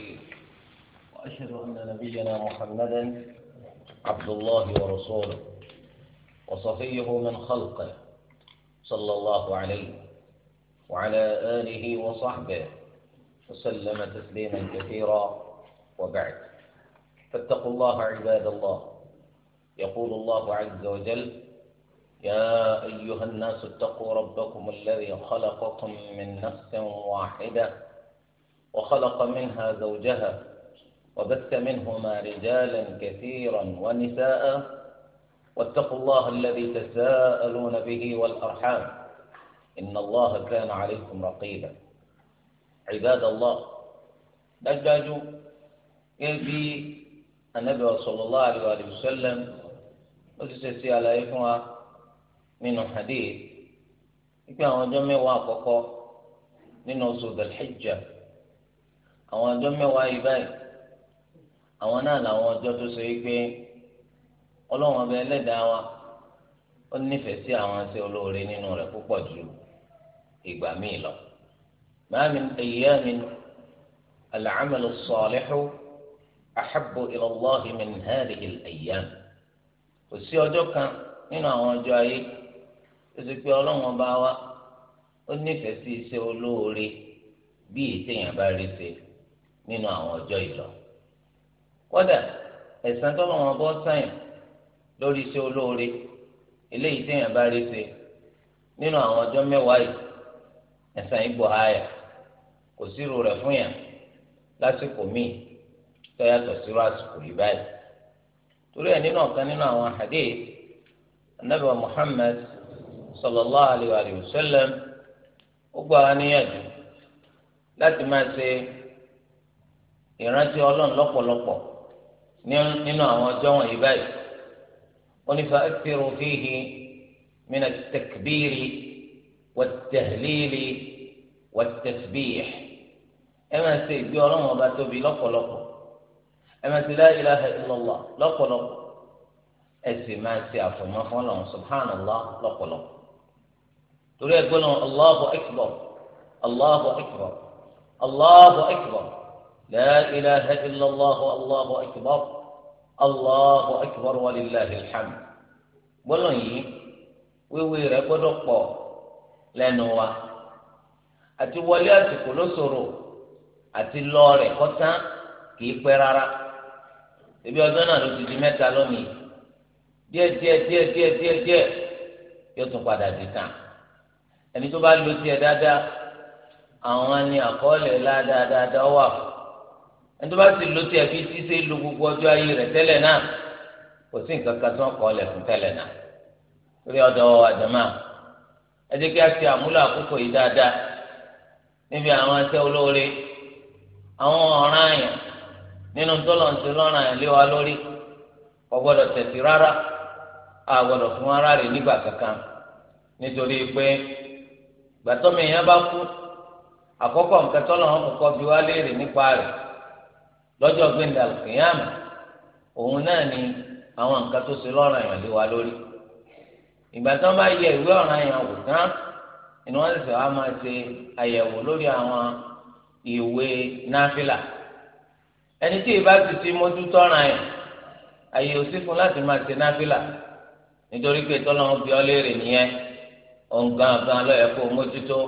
الرحيم وأشهد أن نبينا محمدا عبد الله ورسوله وصفيه من خلقه صلى الله عليه وعلى آله وصحبه وسلم تسليما كثيرا وبعد فاتقوا الله عباد الله يقول الله عز وجل يا أيها الناس اتقوا ربكم الذي خلقكم من نفس واحدة وخلق منها زوجها وبث منهما رجالا كثيرا ونساء واتقوا الله الذي تساءلون به والأرحام إن الله كان عليكم رقيبا عباد الله دجاج يبي النبي صلى الله عليه وسلم وتسيسي على إفوا من حديث كان جميع وقفه من وصول الحجة àwọn ọjọ́ mẹ́wàá yìí báyìí àwọn náà làwọn ọjọ tó so yìí pé ọlọ́wọ́n ọba ẹlẹ́dàá wa ó nífẹ̀ẹ́ sí àwọn ṣe olóore nínú rẹ̀ púpọ̀ ju ìgbà míì lọ. ma min ayyamin al-amalu salihu ahabbu ila Allahi na kò sí ọjọ́ kan nínú àwọn ọjọ́ ayé tó pé ọba wa ó sí olóore bí bá rí nínú àwọn ọjọ́ ìlọ kódà ẹ̀san tó lọ́wọ́ bọ́ sáyìn lórí iṣẹ́ olóore eléyìí téèyàn bá rí ṣe nínú àwọn ọjọ́ mẹ́wàá yìí ẹ̀san ìbò ayà kò sírò rẹ̀ fún yàn lásìkò míì tó sírò àsìkò yìí báyìí torí ẹ̀ nínú ọ̀kan nínú àwọn sallallahu alayhi wa sallam ó gbọ́ wa níyànjú láti máa ṣe. ìrántí ọlọ́run lọ́pọ̀lọpọ̀ nínú àwọn ọjọ́ wọ̀nyí báyìí ó ní fa'akthiru fihi min at-takbiri wat-tahlili wat-tasbih ẹ máa ṣe ìgbé ọlọ́run ọba tóbi lọ́pọ̀lọpọ̀ ẹ máa ṣe la ilaha illallah lọ́pọ̀lọpọ̀ ẹ sì máa ṣe àfọ̀mọ́ fún ọlọ́run subhanallah lọ́pọ̀lọpọ̀ torí ẹgbẹ́ náà Allahu akbar Allahu akbar Allahu akbar. لا إله إلا الله الله أكبر الله أكبر ولله الحمد gbọ́dọ̀ yìí wíwí rẹ̀ gbọ́dọ̀ pọ̀ lẹ́nu wa àti wọlé àsìkò ló ṣòro àti lọ rẹ̀ kọ́tán kìí pẹ́ rárá ebi ọjọ́ náà ló ti di mẹ́ta lónìí díẹ̀ díẹ̀ díẹ̀ díẹ̀ díẹ̀ díẹ̀ yóò tún padà di tàn ẹni tó bá lo tiẹ̀ dáadáa àwọn ni àkọọ́lẹ̀ lá dáadáa wà fún ẹni tó bá sì lo tiẹ̀ fi ṣíṣe lo gbogbo ọjọ́ ayé rẹ̀ tẹ́lẹ̀ náà kò sí nǹkan kan tí wọ́n kọ́ ọ lẹ̀ fún tẹ́lẹ̀ náà torí ọ̀dọ̀ àjọmọ́ ẹ jẹ́ kí a ṣe àmúlò àkókò yìí dáadáa níbi àwọn ẹsẹ̀ olóore àwọn ọ̀ràn àyàn nínú tọ́lọ̀ǹtì lọ́ràn àyàn lé wa lórí kò gbọ́dọ̀ tẹ̀sí rárá a gbọ́dọ̀ fún ara rẹ̀ nígbà kankan nítorí pé gbàtọ́mìyàn bá kú àkọ́kọ́ nǹkan tọ́lọ̀ wọn kọ́kọ́ bí wá léèrè nípa rẹ̀ lọ́jọ́ gbẹ̀ndà kìyàmù òun náà ni àwọn nǹkan tó ṣe lọ́ràn yàn lé wa lórí ìgbà tí wọ́n bá yẹ ìwé ọ̀ràn yàn wò tán ni wọ́n sì wá máa ṣe àyẹ̀wò lórí àwọn ìwé náfìlà ẹni tí ìbá sì ti mójútó ọ̀ràn yàn àyè ò sí fún láti máa ṣe náfìlà nítorí pé tọ́lọ́mọ bí ọ léèrè nìyẹn ọ̀ǹgàn gan lọ́yẹ̀ kó mójútó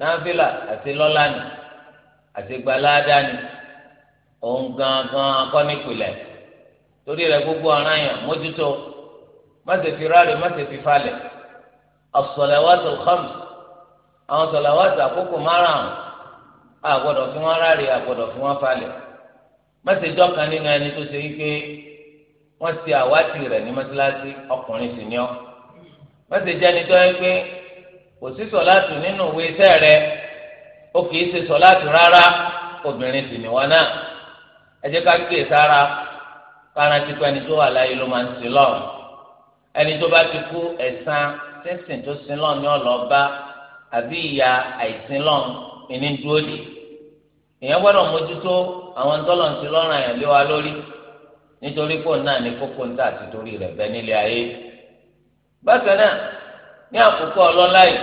náfìlà àti lọ́lá ni àti gbaládá ni òun gangan akọ́nìpìlẹ̀ torí rẹ̀ gbogbo ọ̀ràn yẹn mójútó má ṣe fi ráre má ṣe fi falẹ̀ as-salawatul khams àwọn sọ̀làwàtò àkókò márùn-ún àgbọ̀dọ̀ fi wọ́n ráre àgbọ̀dọ̀ fi wọ́n falẹ̀ má ṣe jọ́kan nínú ẹni tó ṣe wípé wọ́n ti àwátì rẹ̀ ní mọ́tíláṣí ọkùnrin sì ni ọ́ má ṣe jẹ́ni tó yẹ pé kò sí sọ̀láàtù nínú ìwé iṣẹ́ rẹ̀ ó kì í ṣe sọ̀láàtù rárá obìnrin sì ni wọ́n náà ẹ jẹ́ ká kíyè sára kárántí pé ẹni tó wà láyé ló máa ń sin lọ ẹni tó bá ti kú ẹ̀san sínsìn tó sin lọ ní ọlọ́ba àbí ìyá àìsìn lọ ìní dúró dì èèyàn gbọ́dọ̀ mójútó àwọn tọ́lọ̀ ń sin lọ́rùn àyàn lé wa lórí nítorí pò náà ní kókó ń tà sí torí rẹ̀ bẹ́ nílé ayé bákan náà ní àkókò ọlọ́lá yìí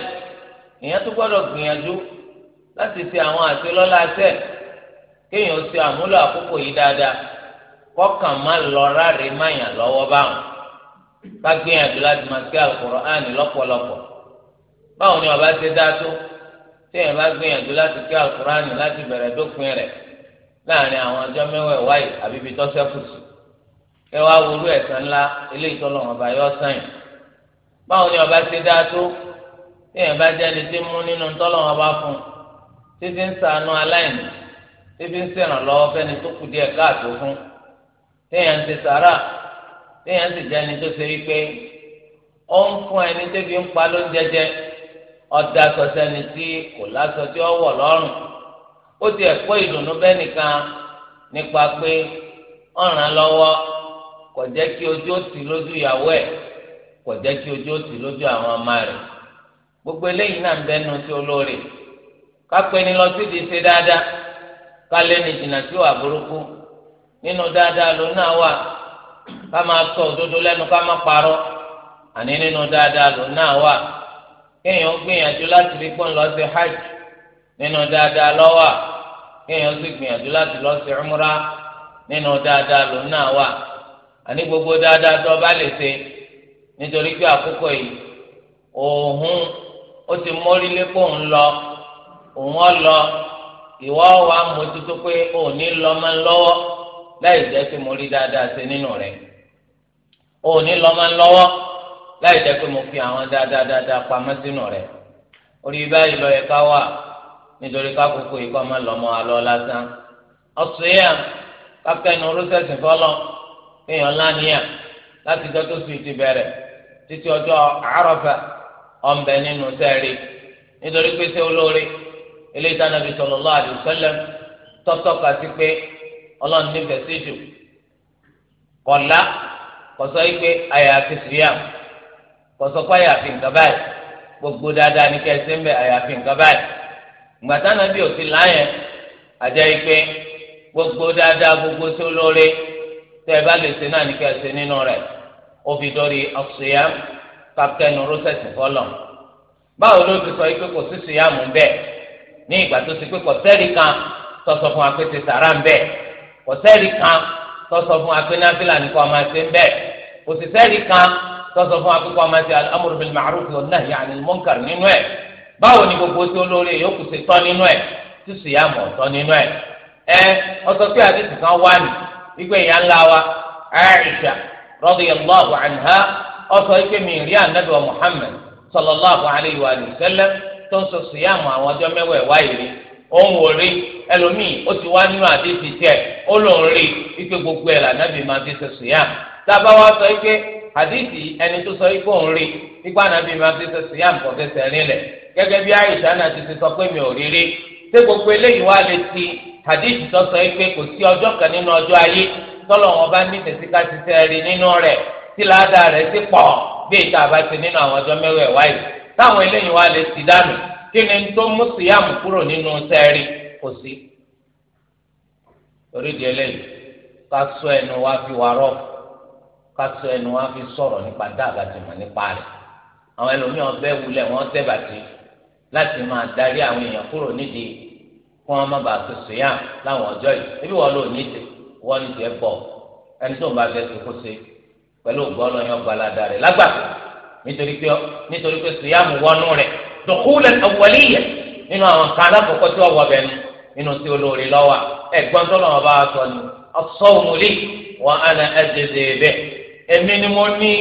èèyàn tó gbọ́dọ̀ gbìyànjú láti ṣe àwọn àṣelọ́lá sẹ́ẹ̀ kéèyàn ṣe àmúlò àkókò yìí dáadáa kọkàn má lọ ráre máyàn lọ́wọ́ báwọn ká gbìyànjú láti máa gbé Al-Qur'an lọ́pọ̀lọpọ̀ báwo ni ọba ṣe dá tó téèyàn bá gbìyànjú láti gbé Al-Qur'an láti bẹ̀rẹ̀ dópin rẹ̀ láàrin àwọn ọjọ́ mẹ́wàá wáyé àbí ibi tọ́sẹ̀ kù sí ẹ wá wúlú ẹ̀sán ńlá eléyìí tọ́lọ̀ ọba yọ sẹ́yìn báwo ni ọba ṣe dá tó téèyàn bá jẹ́ni tí mú nínú tọ́lọ̀ ọba fún títí ń ṣàánú aláìní ebi ń ṣèrànlọ́wọ́ fẹ́ni tó kù díẹ̀ káàtó fún téèyàn ń ṣe sàrà téèyàn sì jẹ́ ẹni tó ṣe ó ń fún ẹni ń pa ló ń jẹjẹ ọ̀dà tí kò lásọ tí ó wọ̀ lọ́rùn ó ti ẹ̀kọ́ ìdùnnú bẹ́ẹ̀ nìkan nípa pé ọ̀ràn lọ́wọ́ kò jẹ́ kí ojú ó lójú ìyàwó ẹ̀ kò kálẹ̀ ni jìnnà tí wà burúkú nínú dáadáa ló náà wà kama sọ òdodo lẹ́nu ká má parọ́ àní nínú dáadáa ló náà wà kéèyàn gbìyànjú láti rí pọ́n lọ hajj nínú dáadáa ló wà kéèyàn sì gbìyànjú láti lọ sí umra nínú dáadáa ló náà wà àní gbogbo dáadáa tó bá lè ṣe nítorí pé àkókò yìí òun ó ti mórí lé pọ́n lọ òun ọ lọ. ìwọ wa mójútó pé òní lọ́mọ lọ́wọ́ láì jẹ́ pé mo rí dáadáa ṣe nínú rẹ̀ òní lọ́mọ lọ́wọ́ láì jẹ́ pé mo fi àwọn dáadáa dáadáa pamọ́ sínú rẹ̀ orí báyìí lọ yẹ ká wà nítorí kákòókò yìí kọ́ máa lọ́mọ alọ́ lásán ọ̀sùn yà kákẹ́ni orúṣẹ́sì fọlọ́ kéèyàn lánìyà láti jọ́ tó sùn ti bẹ̀rẹ̀ títí ọjọ́ àrọ́fà ọ̀nbẹ nínú sẹ́ẹ̀rì nítorí pé ṣé olóore. eléyìí táwọn nàbí sallallahu alaihi wasallam tọ́tọ́ka sí pé ọlọ́run nífẹ̀ẹ́ sí jù kọ̀lá kọ̀sọ́ yìí pé àyàfi pé àyàfi nǹkan gbogbo dáadáa ní kẹsí ń bẹ àyàfi nǹkan báyìí gbàtà nàbí gbogbo dáadáa gbogbo tó lóore tẹ́ ẹ bá lè ṣe náà ní kẹsí nínú rẹ̀ ó fi dọ́rí báwo ló ti sọ yìí ní ìgbà tó ti pé kọ̀sẹ́rì kan tọ́sọ fún wa pé ti sàrà ń bẹ̀ kọ̀sẹ́rì kan tọ́sọ fún wa pé náfìlà ní kò máa ṣe ń bẹ̀ òṣìṣẹ́rì kan tọ́sọ fún wa pé kò máa ṣe al-amru bil ma'ruf wan nahyi 'anil munkar nínú ẹ̀ báwo ni gbogbo tí olóore yòókù ṣe tọ́ nínú ẹ̀ tí sùyàmù ọ̀tọ́ nínú ẹ̀ ẹ ọsọ pé àdìsí kan wá ní wípé ìyá ńlá wa Aisha radiyallahu anha ọsọ ike mi rí ànábì wa sallallahu alayhi wa sallam tó ń sọ sùyàmù àwọn ọjọ́ mẹ́wẹ̀ẹ́ wáyé rí òun ò rí ẹlòmíì ó ti wá nínú àdéhùn tiẹ̀ ó lòun rí wípé gbogbo ẹ̀ lànàbì máa fi sọ sùyàmù tábà wá sọ wípé àdéhùn ẹni tó sọ wípé òun rí wípé ànàbì máa fi sọ sùyàmù kò fẹsẹ̀ rinlẹ̀ gẹ́gẹ́ bí àyíṣà náà ti ti sọ pé mi ò rí rí ṣé gbogbo eléyìí wá lè ti àdéhùn tó sọ wípé kò sí ọjọ́ kan nínú ọjọ́ ayé tọ́lọ̀ wọn bá ní tẹ̀síká ti sẹ́ẹ̀rì nínú rẹ̀ tí ládàá rẹ̀ ti pọ̀ bí ìta táwọn eléyìí wá lè sì dànù kí ni tó mú síyàmù kúrò nínú sẹ́ẹ̀rì kò sí. torí di eléyìí ká sọ ẹnu wá fi wà rọ ká sọ ẹnu wá fi sọ̀rọ̀ nípa dáàbà ti mọ̀ nípa rẹ̀ àwọn ẹlòmíràn bẹ́ẹ̀ wulẹ̀ wọ́n tẹ́ láti máa darí àwọn èèyàn kúrò nídìí kí wọ́n má bàa sọ̀sọ̀ yá láwọn ọjọ́ yìí ebi wọ́n lò ní tẹ̀ wọ́n ní tẹ̀ bọ̀ ẹni tó ń bá fẹ́ sọ́kó nítorí pé nítorí pé sùyàmù wọnú rẹ̀ dùkúlẹ̀ awwaliyya nínú àwọn kan alákọ̀ọ́kọ́ tí wọ́n wọ bẹ́ẹ̀ nínú tí olóore lọ́wọ́ ẹ̀gbọ́n tó lọ́wọ́ bá sọ ni as-sawmu li wa ana ajzi bihi èmi ni mo ní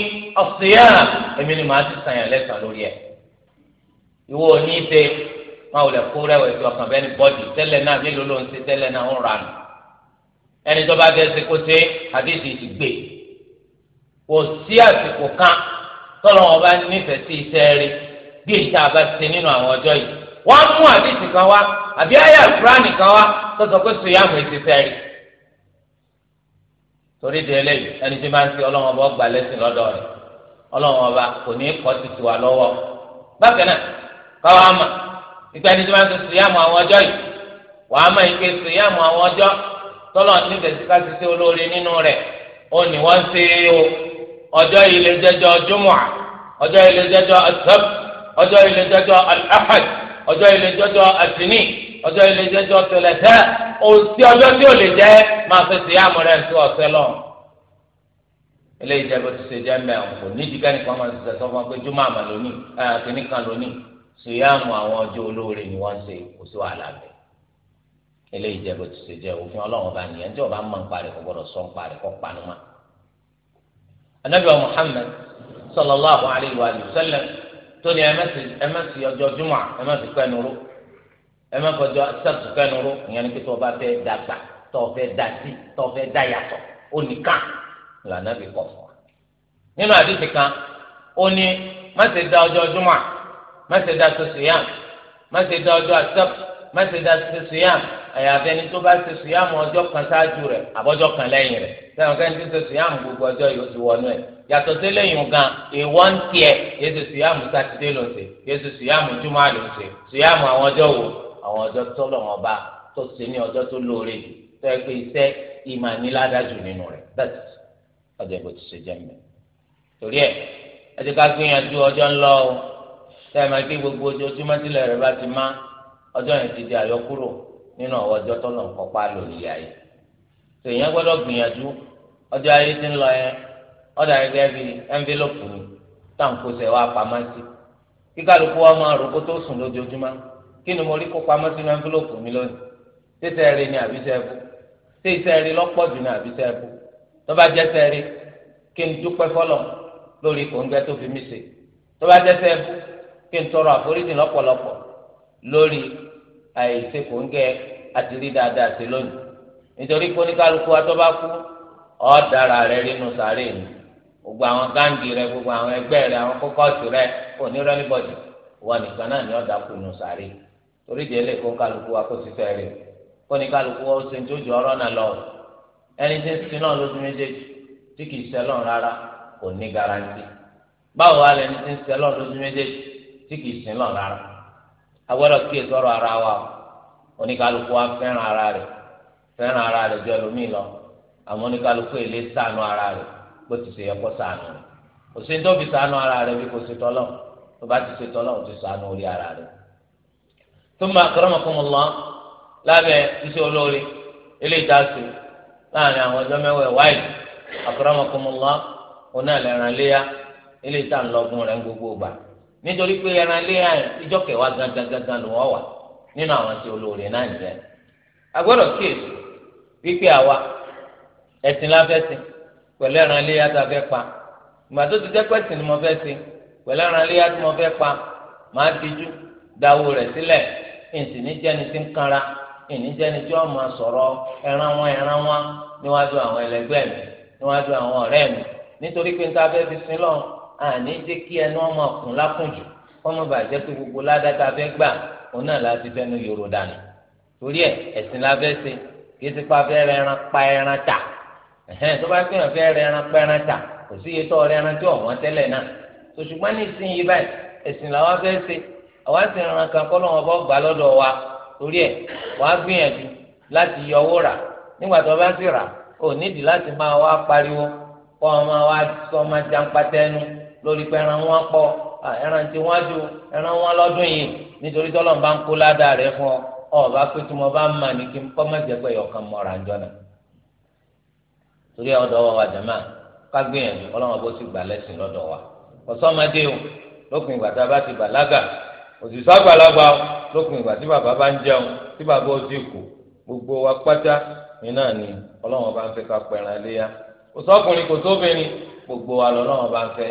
as-siyam èmi ni màá ti sàn yàn lẹ́sàn lórí ẹ̀ ìwọ ò ní í máa wò lẹ kó ọkàn bẹ́ẹ̀ ni bọ́dì tẹ́lẹ̀ náà mélòó ló ń ṣe tẹ́lẹ̀ náà ń ranù ẹni tó bá fẹ́ ṣe kó ṣe àdéhìí ti gbé kò sí àsìkò kan tọ́lọ́ wọn bá nífẹ̀ẹ́ sí iṣẹ́ rí bí èyí tá a bá ṣe nínú àwọn ọjọ́ yìí wọ́n mú àdìsí kan wá àbí ayé kan wá torí di eléyìí ẹni tí máa ń ọlọ́wọ́n lẹ́sìn lọ́dọ̀ rẹ̀ ọlọ́wọ́n kò ní kọ́ wa lọ́wọ́ bákan náà káwọn àmà ìgbà ẹni tí máa ń ṣe sùyàmù àwọn ọjọ́ yìí wọ́n àmà ìgbé sùyàmù ọjọ́ yìí lè jẹ́jọ́ jumua ọjọ́ yìí lè jẹ́jọ́ asab ọjọ́ yìí lè jẹ́jọ́ alahad ọjọ́ yìí lè jẹ́jọ́ asini ọjọ́ yìí lè jẹ́jọ́ tẹlẹtẹ òsì ọjọ́ tí ò lè jẹ́ máa fi sí àmúrẹ́ sí ọ̀sẹ̀ lọ. ilé ìjẹ́bù ti ṣe jẹ́ mẹ́rin kò ní ìdíkà nìkan máa ti sẹ́sọ́ fún pé jumua mà lónìí kìnnì kan lónìí sùyàmù àwọn ọjọ́ olóore ni wọ́n ṣe kò sí wàhálà bẹ́ẹ̀ ilé ìjẹ́bù ti ṣe jẹ́ òfin ọlọ́run bá nìyẹn tí ọba anabi wa muhammed sallallahu alayhi wa sallam tó ní ẹ má sì ọjọ́ jumọ ẹ má sì pẹnu ró ẹ má fọjọ́ sẹpùtù pẹnu ró ìyẹn ni pé tó o bá fẹ́ dàgbà tó o fẹ́ dà sí tó o fẹ́ dà yàtọ̀ ó nìkan lànà bí kọ fún wa nínú àdìsí kan ó ní má da ọjọ́ jumọ má da sọsìyàn má da ọjọ́ àṣẹp má da sọsìyàn àyàfẹ́ ni tó bá ṣe sùyàmù ọjọ́ kan ṣáájú rẹ̀ àbọ̀jọ́ kan lẹ́yìn rẹ̀ sẹ́wọ̀n kẹ́ni tó ṣe sùyàmù gbogbo ọjọ́ yìí ó ti wọnú ẹ̀ yàtọ̀ sí lẹ́yìn gan èèwọ̀ ń tiẹ̀ yéṣu sùyàmù sátidé ló ṣe yéṣu sùyàmù júmọ́ ló ṣe sùyàmù àwọn ọjọ́ wo àwọn ọjọ́ tọ́lọ̀ wọn bá tó ṣe ní ọjọ́ tó lóore tó ẹ pé iṣẹ́ ọjọ́ yẹn ti di àyọkúrò nínú àwọn ọjọ́ tọ́lọ̀ ń kọ́pá lórí ayé tó èèyàn gbọ́dọ̀ gbìyànjú ọjọ́ ayé ti ń lọ yẹn ọ̀dà gẹ́gẹ́ bí ẹnvílọ́pù ni táǹkóṣe wa pamọ́ sí kí kálukú wa máa rò tó sùn lójoojúmọ́ kí ni mo rí kó pamọ́ sínú ẹnvílọ́pù mi lónìí rí ni àbí sẹ́ẹ̀bù tẹ́sẹ̀ rí lọ́pọ̀jù ni àbí sẹ́ẹ̀bù tó bá jẹ́ kí n dúpẹ́ fọlọ́ lórí àìsè kò ń gẹ àtìrí dáadáa sí lónìí nítorí pé oníkálukú atọ́ba kú ọ̀ọ́dára rẹ nínú sàárè ni gbogbo àwọn gáǹgì rẹ gbogbo àwọn ẹgbẹ́ rẹ àwọn kókọ́ọ̀sì rẹ onírọ́nìbọ̀dì wọn nìkan náà ni nínú sàárè torí kó kálukú wa kó ti fẹ́ rè kó ní wa ó ṣe ní ojú ọ̀rọ̀ náà lọ ẹni tí ń sin náà lójú méjèèjì tí kì í sẹ́lọ̀ rárá kò ní garanti báwo wá lẹni tí ń agbọ́dọ̀ kí ìsọ̀rọ̀ ara wa o oníkálukú wa fẹ́ràn ara rẹ̀ fẹ́ràn ara rẹ̀ ju ẹlòmíì lọ àmọ́ ile èlé sànù ara rẹ̀ bó ti ṣe yẹ kó sànù rẹ̀ sànù ara rẹ̀ bí kò sí tọ́lọ̀ tó bá ti ṣe tọ́lọ̀ ti sànù orí ara rẹ̀. thumma akramakumullah lábẹ́ iṣẹ́ olóore ilé ìdásí láàrin àwọn wáyé gbogbo gbà. nítorí pé ẹran léyà ìjọ kẹwàá gangan gangan ló wọ́n wà nínú àwọn tí olóore náà nìyẹn agbọ́dọ̀ kíyèsí wípé àwa ẹ̀sìn la pẹ̀lú ẹran léyà tá a pa ìgbà ti jẹ́ ni mo fẹ́ sìn pẹ̀lú ẹran léyà tí mo fẹ́ pa màá tijú dáwó rẹ̀ sílẹ̀ ìsìn ní jẹ́ni ń kanra ìníjẹni tí wọn máa sọ̀rọ̀ ẹran wọn ẹran wọn níwájú àwọn mi níwájú àwọn mi nítorí pé àní jẹ́ kí ẹnu ọmọ ọkùn lákùnjù kọ́mọ bàjẹ́ pé gbogbo ládàtà fẹ́ gbà òun náà láti fẹ́nu yòrò dànù torí ẹ ẹ̀sìn la ṣe kí pa fẹ́ pa ẹran tà ẹ̀hẹ́n tó bá pa ẹran tà kò sí iye tó ọ̀wọ́n tẹ́lẹ̀ náà ní báyìí ẹ̀sìn fẹ́ ṣe àwa sì ràn kan kọ́ lọ́wọ́ gbà lọ́dọ̀ wa torí lórí pé ẹran wọn pọ̀ ẹran tí wọn jù ẹran wọn lọ́dún yìí nítorí tọ́lọ̀ ń bá ń kó ládàá rẹ fún ọ ọba pé tí mo bá ń mà ní kí n kọ́ mọ̀jẹ̀ pé ọ̀kan mọ̀ra ń jọ́nà torí ọ̀dọ̀ wa jàmá ká gbìyànjú ọlọ́wọ́n bó ti gbà lẹ́sìn lọ́dọ̀ wa ọ̀sọ́mọdé o lópin ìgbà tá a bá ti bàlágà òṣìṣẹ́ àgbàlagbà lópin ìgbà tí bàbá bá ń jẹun tí bàbá ó sì kù gbogbo wa pátá iná ni ọlọ́wọ́n bá ń fẹ́ ká pẹ̀ràn léyà òṣọ́kùnrin kò tóbìnrin gbogbo wa lọ́wọ́n bá ń fẹ́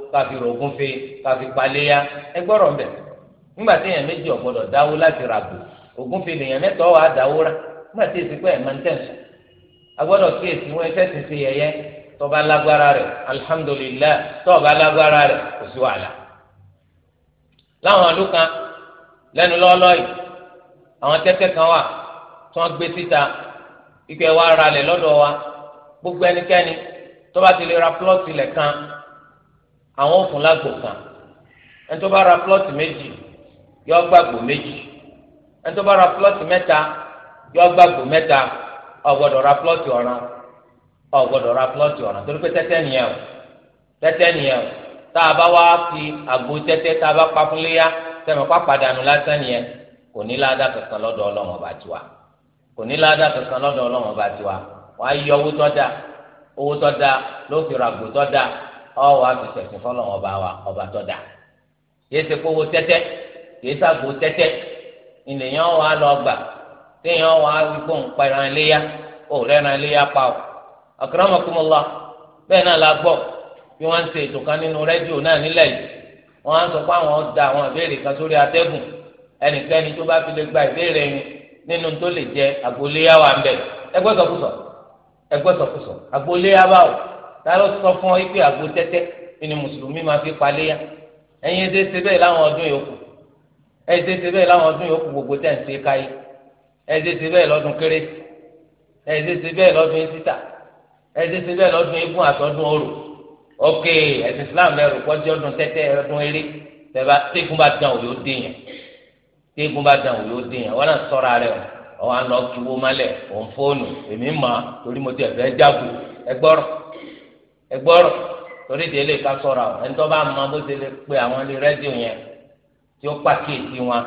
káfi rògùn fe káfi paléya ẹ gbọ́rọ̀ mbẹ̀ nígbà tí èèyàn méjì ọ̀gbọ́dọ̀ dáwó láti ra gbò ògùn fe lèèyàn mẹ́tọ́ wàá dáwó rà nígbà tí èsì pé ẹ̀ máa ń tẹ̀sán agbọ́dọ̀ kí èsì wọn ẹsẹ̀ ti ṣe yẹyẹ tọ́ba lágbára rẹ̀ alihamudulilayi tọ́ba lágbára rẹ̀ kò sí wàhálà. láwọn ọdún kan lẹ́nu lọ́ọ́lọ́ yìí àwọn tẹ́tẹ́ kan wà tí wọ́n gbé síta ikú ẹ̀ wá ra lẹ̀ lọ́dọ̀ wa gbogbo ẹnikẹ́ni tọ́ba ti lè ra plọ́ọ̀tì lẹ̀ kan àwọn òfun lágbo kan ẹni tó bá ra plọ́ọ̀tì méjì yọ gbàgbó méjì ẹni tó bá ra plọ́ọ̀tì mẹ́ta yọ gbàgbó mẹ́ta ọ̀gbọ́dọ̀ ra plọ́ọ̀tì ọ̀ràn ọ̀gbọ́dọ̀ ra plọ́ọ̀tì ọ̀ràn torí pé tẹ́tẹ́ nìyẹn o tẹ́tẹ́ nìyẹn o tá a bá wá fi àgbo tẹ́tẹ́ tá a bá pa fúnlé yá sẹ́mi pápá dànù lásán nìyẹn kò ní ládàá kankan lọ́dọ̀ ọlọ́run ọba tiwa kò ní ládàá kankan lọ́dọ̀ ọlọ́run ọba tiwa wàá yọ owó tọ́ da owó tọ́ da ló fi ra àgbo tọ́ da ọwọ́ àbẹ̀sẹ̀sìn fọlọ́ ọba wa ọba tó dà tẹtẹ, ṣe kówó tẹ́tẹ́ tẹtẹ. ìnìyàn wà lọ gbà wà wípé ìran iléyà ó iléyà pa ọ́ akramakumullah bẹ́ẹ̀ náà la gbọ́ bí wọ́n ṣe ètò kan nínú rédíò náà nílẹ̀ yìí wọ́n á sọ pé àwọn da àwọn ìbéèrè kan sórí tó bá fi lè gba ìbéèrè yín nínú tó lè jẹ wà ń ta ló sọ fún ọ yìí pé àgbo tẹ́tẹ́ ni mùsùlùmí máa fi paléyà ẹ̀yin ẹdẹ ṣe bẹ́ẹ̀ láwọn ọdún yòókù ẹdẹ ṣe bẹ́ẹ̀ láwọn ọdún yòókù gbogbo tẹ̀ ń ṣe káyé ẹdẹ ṣe bẹ́ẹ̀ lọ́dún kérésì ẹdẹ ṣe bẹ́ẹ̀ lọ́dún ìsítà ẹdẹ ṣe bẹ́ẹ̀ lọ́dún eégún àtọdún orò ok ẹ̀sìn islam lẹrù kọjú ọdún tẹ́tẹ́ ọdún eré tẹba tẹgùn bá dàn òyò dèèyàn tẹgùn bá dàn òyò dèèyàn wọn náà ṣọ́ra rẹ ọ àwọn àna ọkì wo malẹ òun fóònù èmi mà torí mo ti ẹfẹ jágò ẹgbọrọ ẹgbọ́rọ̀ torí de lè ká sọ̀rọ̀ àwọn ẹni tó bá mọ bó ṣe lè pe àwọn ilé rẹ́díò yẹn tí ó pàkíyèsí wọn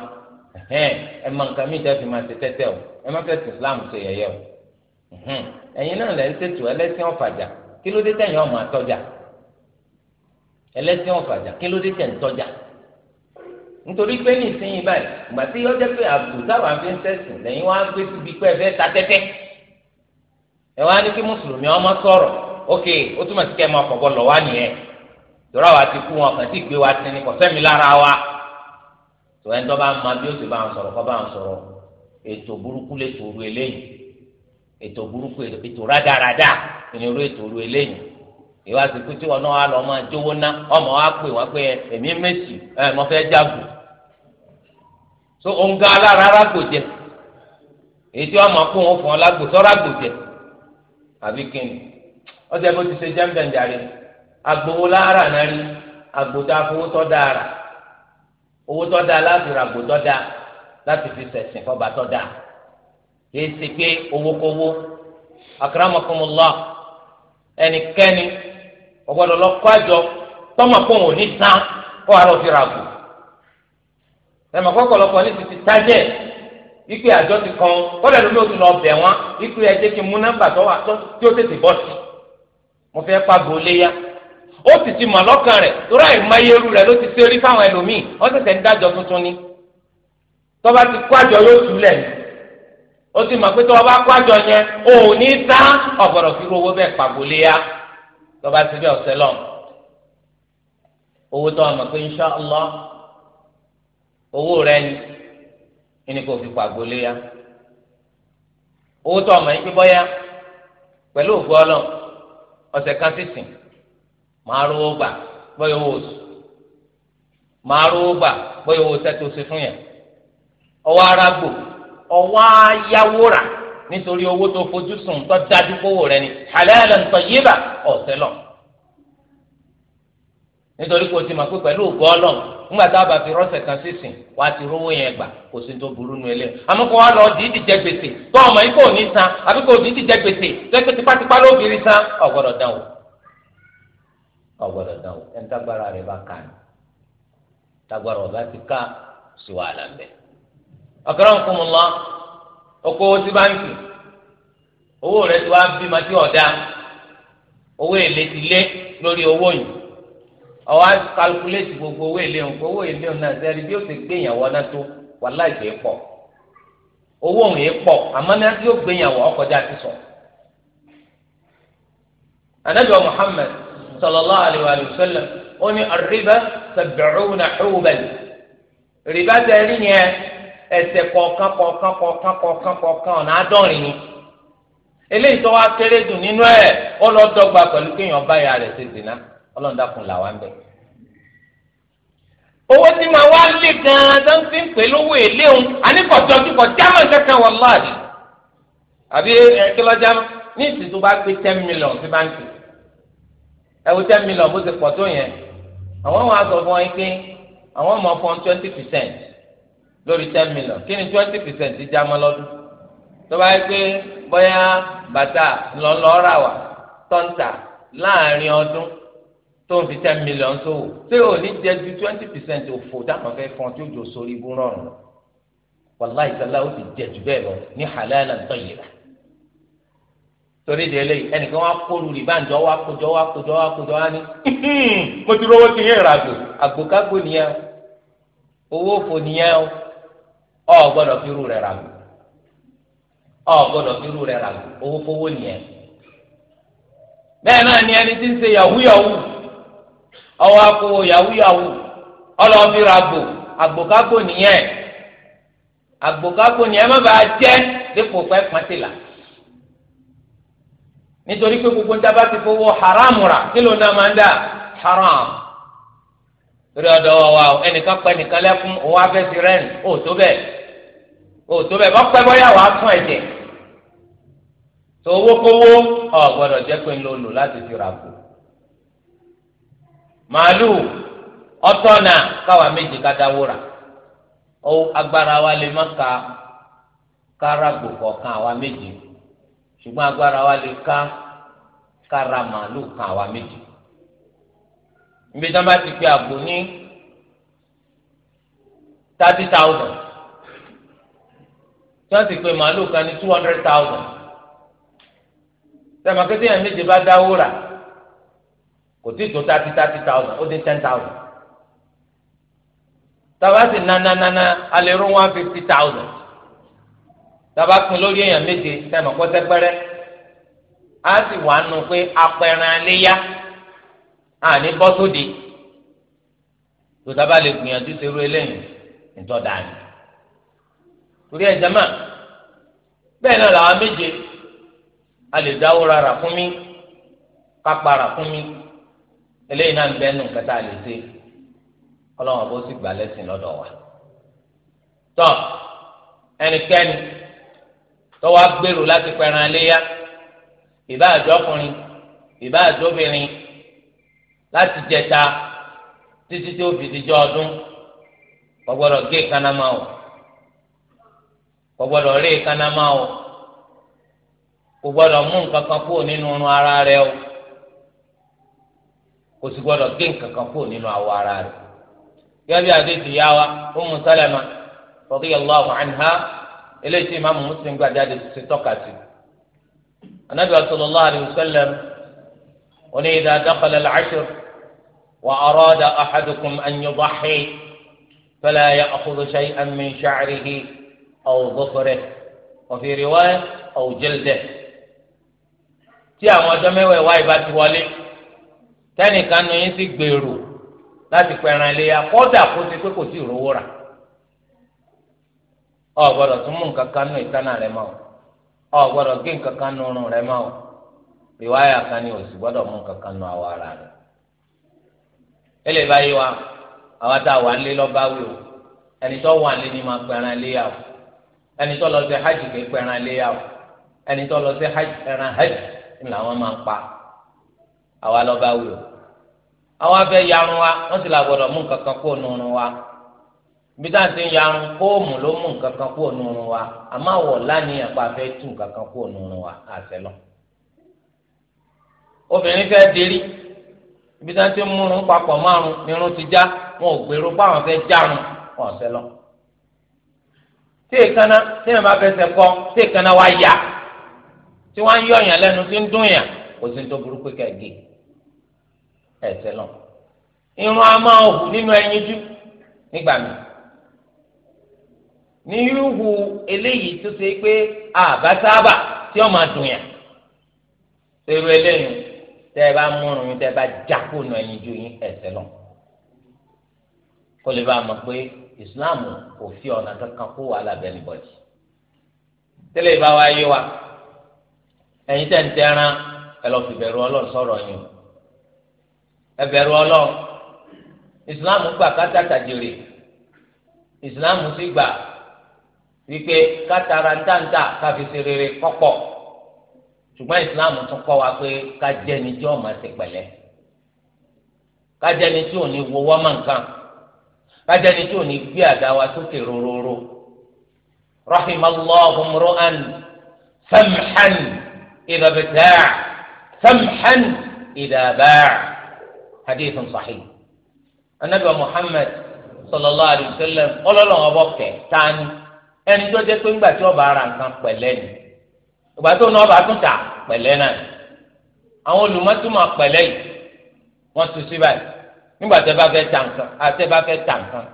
ẹ mọ nǹkan mi jẹ́ máa ṣe tẹ́tẹ́ o ẹ má fẹ́ Islam ṣe yẹ̀yẹ́ o ẹ̀yin náà lẹ́ ń ṣètò ẹlẹ́sìn ọ̀fàjà kí ló dé tẹ̀yìn ọmọ àtọ́jà ẹlẹ́sìn ọ̀fàjà kí ló dé tẹ̀yìn tọ́jà nítorí pé nísìnyí báyìí ìgbà tí yọjẹ́ pé àbùkù táwọn afi ń sẹ́sìn lẹ́yìn wá ń gbé síbi pé ẹ ta tẹ́tẹ́ ẹ wá ní kí mùsùlùmí ọmọ sọ̀rọ̀ ok ó túmọ̀ sí kẹ́ ẹ máa fọ̀bọ lọ wá nìyẹn ti kú wọn kàn sí ìgbé wa ti ní kọ̀sẹ́mi lára wa tò ẹni tó bá ń ma bí ó sì bá ń sọ̀rọ̀ kọ́ bá ń sọ̀rọ̀ ètò burúkú lè tòru eléyìí ètò burúkú ètò rádaràdà ìnirú ètò òru eléyìí ìwà sì kú wọn náà wà lọ máa jówó ná ọmọ wa pè wọn pé èmi méjì ẹ mọ fẹ́ jágò so òǹga alára arágbòjẹ èyí tí wọn máa kó wọn fún ọ lágbò sọ rágbòjẹ àbí kíni ọtí ẹgbẹ́ ti ṣe jẹ́mbẹ̀ǹdàrí agbowó lára náà rí agbódà fowó tọ́ da ara owó tọ́ da láti ra agbó tọ́ da láti fi sẹ̀sìn fọba tọ́ da kìí ṣe pé owó kówó akramakumullah ẹnikẹ́ni ọgbọ́dọ̀ lọ kó àjọ tọ́mọ̀ pọ̀ wò ní sàn kó àrò fi ra agbó ẹ̀mọ̀ kọ́kọ́lọ́kọ́ ní ti ti tájẹ̀ ikú àjọ ti kan kọ́lẹ̀ lómi ò lọ bẹ̀ wọ́n ikú ẹ jẹ́ mú nọ́mbà tó wà tó tí tètè bọ́ sí i mo fẹ́ pàgọ́ léyà ó sì ti mọ̀ lọ́kàn rẹ̀ torí àìmọyeru rẹ̀ ló ti ṣe rí fáwọn ẹlòmíì wọ́n ṣẹ̀ṣẹ̀ ń dájọ́ tuntun ni tọ́ba ti kó àjọ yóò túlẹ̀ ó sì mọ̀ pé tọ́ba bá kó àjọ yẹn ò ní sá ọ̀bọ̀rọ̀ fi owó bẹ́ẹ̀ pàgọ́ léyà tọ́ba ti bẹ́ẹ̀ ọ̀sẹ̀ lọ́n owó tọ́ba mọ̀ pé insha Allah owó rẹ̀ ni ẹni kò fi pàgọ́ léyà owó tọ́ba mọ̀ yín pé bọ́yá pẹ̀lú ògbọ́lọ́n ọ̀sẹ̀ kan sísìn máa rówó gbà bóyá owó oṣù máa rówó gbà bóyá owó oṣù tó ṣe fún yẹn ọwọ́ arágbò ọwọ́ ayáwóra nítorí owó tó fojú sùn tó dájú kówó rẹ ni halalan tayyiba ọ̀sẹ̀ lọ nítorí kò tí ma pé pẹ̀lú ògbọ́ ọlọ́run ńgbà tá a bá fi rọ́ọ̀sẹ̀ kan sísìn wàá ti rówó yẹn gbà kò sí tó burú nu wá lọ dídì jẹ gbèsè tó ọmọ yìí kò ní san àbí kò dídì jẹ gbèsè tó ẹgbẹ́ tipátipá lóbìnrin san ọ̀gbọ́dọ̀ dán o ọ̀gbọ́dọ̀ dán o ẹni tágbára bá ti ká sí wàhálà owó sí báńkì owó ti ọwọ́ àti kalkuléètì gbogbo owó èlé òun owó èlé òun náà sẹ́ni bí ó ti gbé ìyàwó náà tó wàhálà ìgbé pọ̀ owó òun yìí sọ. sallallahu alayhi wa sallam ó ní arriba sab'una na rìbá tẹ rí yẹn ẹsẹ̀ ọ̀nà àádọ́rin ni eléyìí tó wá kéré dùn nínú ọlọ́run dákun là wá ń bẹ̀. owó tí màá wá lé gan-an tó ń fi ń pè lówó èlé òun àníkọ̀tọ́ tí kò jámọ̀ kankan wọ̀ láàdì àbí kílọ̀já ní ìsìn tó bá gbé ten million sí báńkì ẹ ten million bó ti pọ̀ tó yẹn àwọn wọn aṣọ fún ẹ pé àwọn ọmọ fún twenty percent lórí ten million kí ni twenty percent ti jámọ́ lọ́dún tó bá yẹ pé bóyá bàtà ńlọ́ńlọ́ rà wá tọ́ǹtà láàrin ọdún tó ń fi ten million sówò ṣé ò ní jẹ ju twenty percent òfò dáhùn fẹ́ fún ọ tí o jò sórí ibú rọrùn wàláì sálá ó ti jẹ jù bẹ́ẹ̀ lọ ní halalan tayyiba torí délé ẹnìkan wá kóru rìbáǹjọ wá kójọ wá kójọ wá kójọ wá ní mo ti rówó ti yín ìràgbò àgbòkágbò nìyẹn owó òfò nìyẹn o ọ gbọ́dọ̀ fi irú rẹ̀ ràgbò ọ gbọ́dọ̀ fi irú rẹ̀ ràgbò owó fowó nìyẹn bẹ́ẹ̀ náà ni ẹni tí ń ṣe yahoo yahoo ọwọ́ akówó yàwúyàwú ọlọ́ọ̀bí ra gbò àgbòkágbò nìyẹn àgbòkágbò nìyẹn má bàa jẹ́ dípò pẹ́ pàtìlà nítorí pé gbogbo níta bá ti fowó haram rà kí ló náà máa ń dà haram torí ọ̀dọ̀ wa ẹnìkan pẹ́ nìkan lẹ́fún òun á fẹ́ ti tó bẹ́ẹ̀ o tó bẹ bá pẹ bóyá wàá tún ẹ̀jẹ̀ tó owó kówó ọ gbọ́dọ̀ jẹ́ pé ń lò lò láti fi rà kù màálù ọtọ́nà káwa méje ká dáwóra ó agbára wa lè má ka kára gbòkọ̀ kan àwa méje ṣùgbọ́n agbára wa lè ká kára màálù kan àwa méje ibi tí wọ́n bá ti pe àgbò ní thirty thousand tí wọ́n ti pe màálù kan ní two hundred thousand tẹ̀mọ̀kẹ́tẹ́ yẹn méje bá dáwóra. kò tí tó thirty thirty thousand ó dé ten thousand tabasi nananana alẹ́rú one fifty thousand taba kun lórí èèyàn méje sẹ́nu ọ̀pọ̀tẹ́ pẹ́rẹ́ á sì wà nù pé apẹ̀rẹ̀ aléyá àní bọ́sódì tó taba lè gbìyànjú serú eléyìí nítọ́da ni torí ẹ̀jẹ̀ mọ́ bẹ́ẹ̀ náà làwọn méje a lè dáwó ra ràkúnmí kápá ràkúnmí eléyìí náà ń bẹ́ẹ̀ nù kẹta lè ṣe ọlọ́run bó sì gbà lẹ́sìn lọ́dọ̀ wa. tọ́ ẹnikẹ́ni tọ́wọ́ gbèrò láti pẹran léyà ìbá àjọkùnrin ìbá àjọbìnrin láti jẹta títí tó fi dijọ́ ọdún kò gbọ́dọ̀ gé kanama o kò rí kanama o kò mú nǹkan kan kúrò nínú ara rẹ o kò sì gbọdọ̀ gé nǹkan kan kúrò nínú awọ ara rẹ̀ gẹ́gẹ́ bí adéjì yá wa Ummu Salama radiyallahu anha eléyìí tí ìmáàmù Muslim gbàjáde ti tọ́ka sí anabi sallallahu alayhi wa sallam oní idha dakhala al-ashr wa arada ahadukum an yudahhi fala ya'khudhu shay'an min sha'rihi aw dhufrihi tí àwọn ọjọ́ mẹ́wẹ̀ẹ́ wáyé bá ti wọlé. tẹ́nìkan nu yín sì gbèrò láti pẹ̀ràn iléyà kọ́dà kó ti pé kò sí ìrówó rà ọ gbọ́dọ̀ tún mú nǹkan kan nù ìtànà rẹ mọ ọ gbọ́dọ̀ gé nǹkan rẹ mọ ìwáyà kan ni òsì gbọ́dọ̀ mú nǹkan kan àwọn ara rẹ wa àwọn a wà lé lọ́ba wí o ẹni tó wà ni pẹ̀ràn o ẹni tó àwa lọ bá wí o àwọn afẹ́ yarun wa wọ́n sì là mú wa bí táà ti ń yarun kóòmù ló mú kó nùrùn wa a ma lánìyàn pa afẹ́ tú nǹkan kó nùrùn wa àṣẹ lọ. obìnrin fẹ́ dérí bí táà ti ń múrun papọ̀ márùn nírun ti já wọn ò gbèrú wa tí wọ́n á yọ̀yàn lẹ́nu tí ń dún yàn ẹ̀sẹ̀ lọ. irun a máa hù nínú ẹyinjú nígbà mi. ní yíhu eléyìí tó ṣe pé àbá sábà tí ó dùn yà. ṣerú eléyìí tẹ ẹ bá múrun yín tẹ ẹ bá jákò nù ẹyinjú yín ẹ̀sẹ̀ lọ. kó lè bá a mọ̀ pé Islam kò fi ọ̀nà kankan kó wà lábẹ́ níbọ̀dì. tẹ́lẹ̀ ìbá wa yé wa ẹ̀yin tẹ̀ ń tẹ́ran ẹ lọ fìbẹ̀rù Ọlọ́run sọ̀rọ̀ yín o ẹ bẹ̀rù Ọlọ́run ìsìláàmù gbà kátà tàjèrè ìsìláàmù sì gbà wípé kátàrà ńtàǹtà káfi ṣe rere kọ́pọ̀ ṣùgbọ́n ìsìláàmù tún kọ́ wa pé kájẹni tí ó máa ṣe pẹ̀lẹ́ kájẹni tí ò ní wo wọ́mọ̀ nǹkan kájẹni tí ò ní gbé àga wa sókè rororo rahimallahu mru'an samhan idha samhan idha ba'a. حديث صحيح النبي محمد صلى الله عليه وسلم قال bọ̀ kẹ̀ tani ẹni tó jẹ́ pé ńgbà tí ọba ara nǹkan pẹ̀lẹ́ ni ìgbà tó ní ọba tún tà pẹ̀lẹ́ náà àwọn olùmọ̀túnmọ̀ pẹ̀lẹ́ yìí wọ́n tún sí báyìí nígbà tẹ́ bá fẹ́ tà nǹkan àtẹ́ bá fẹ́ tà nǹkan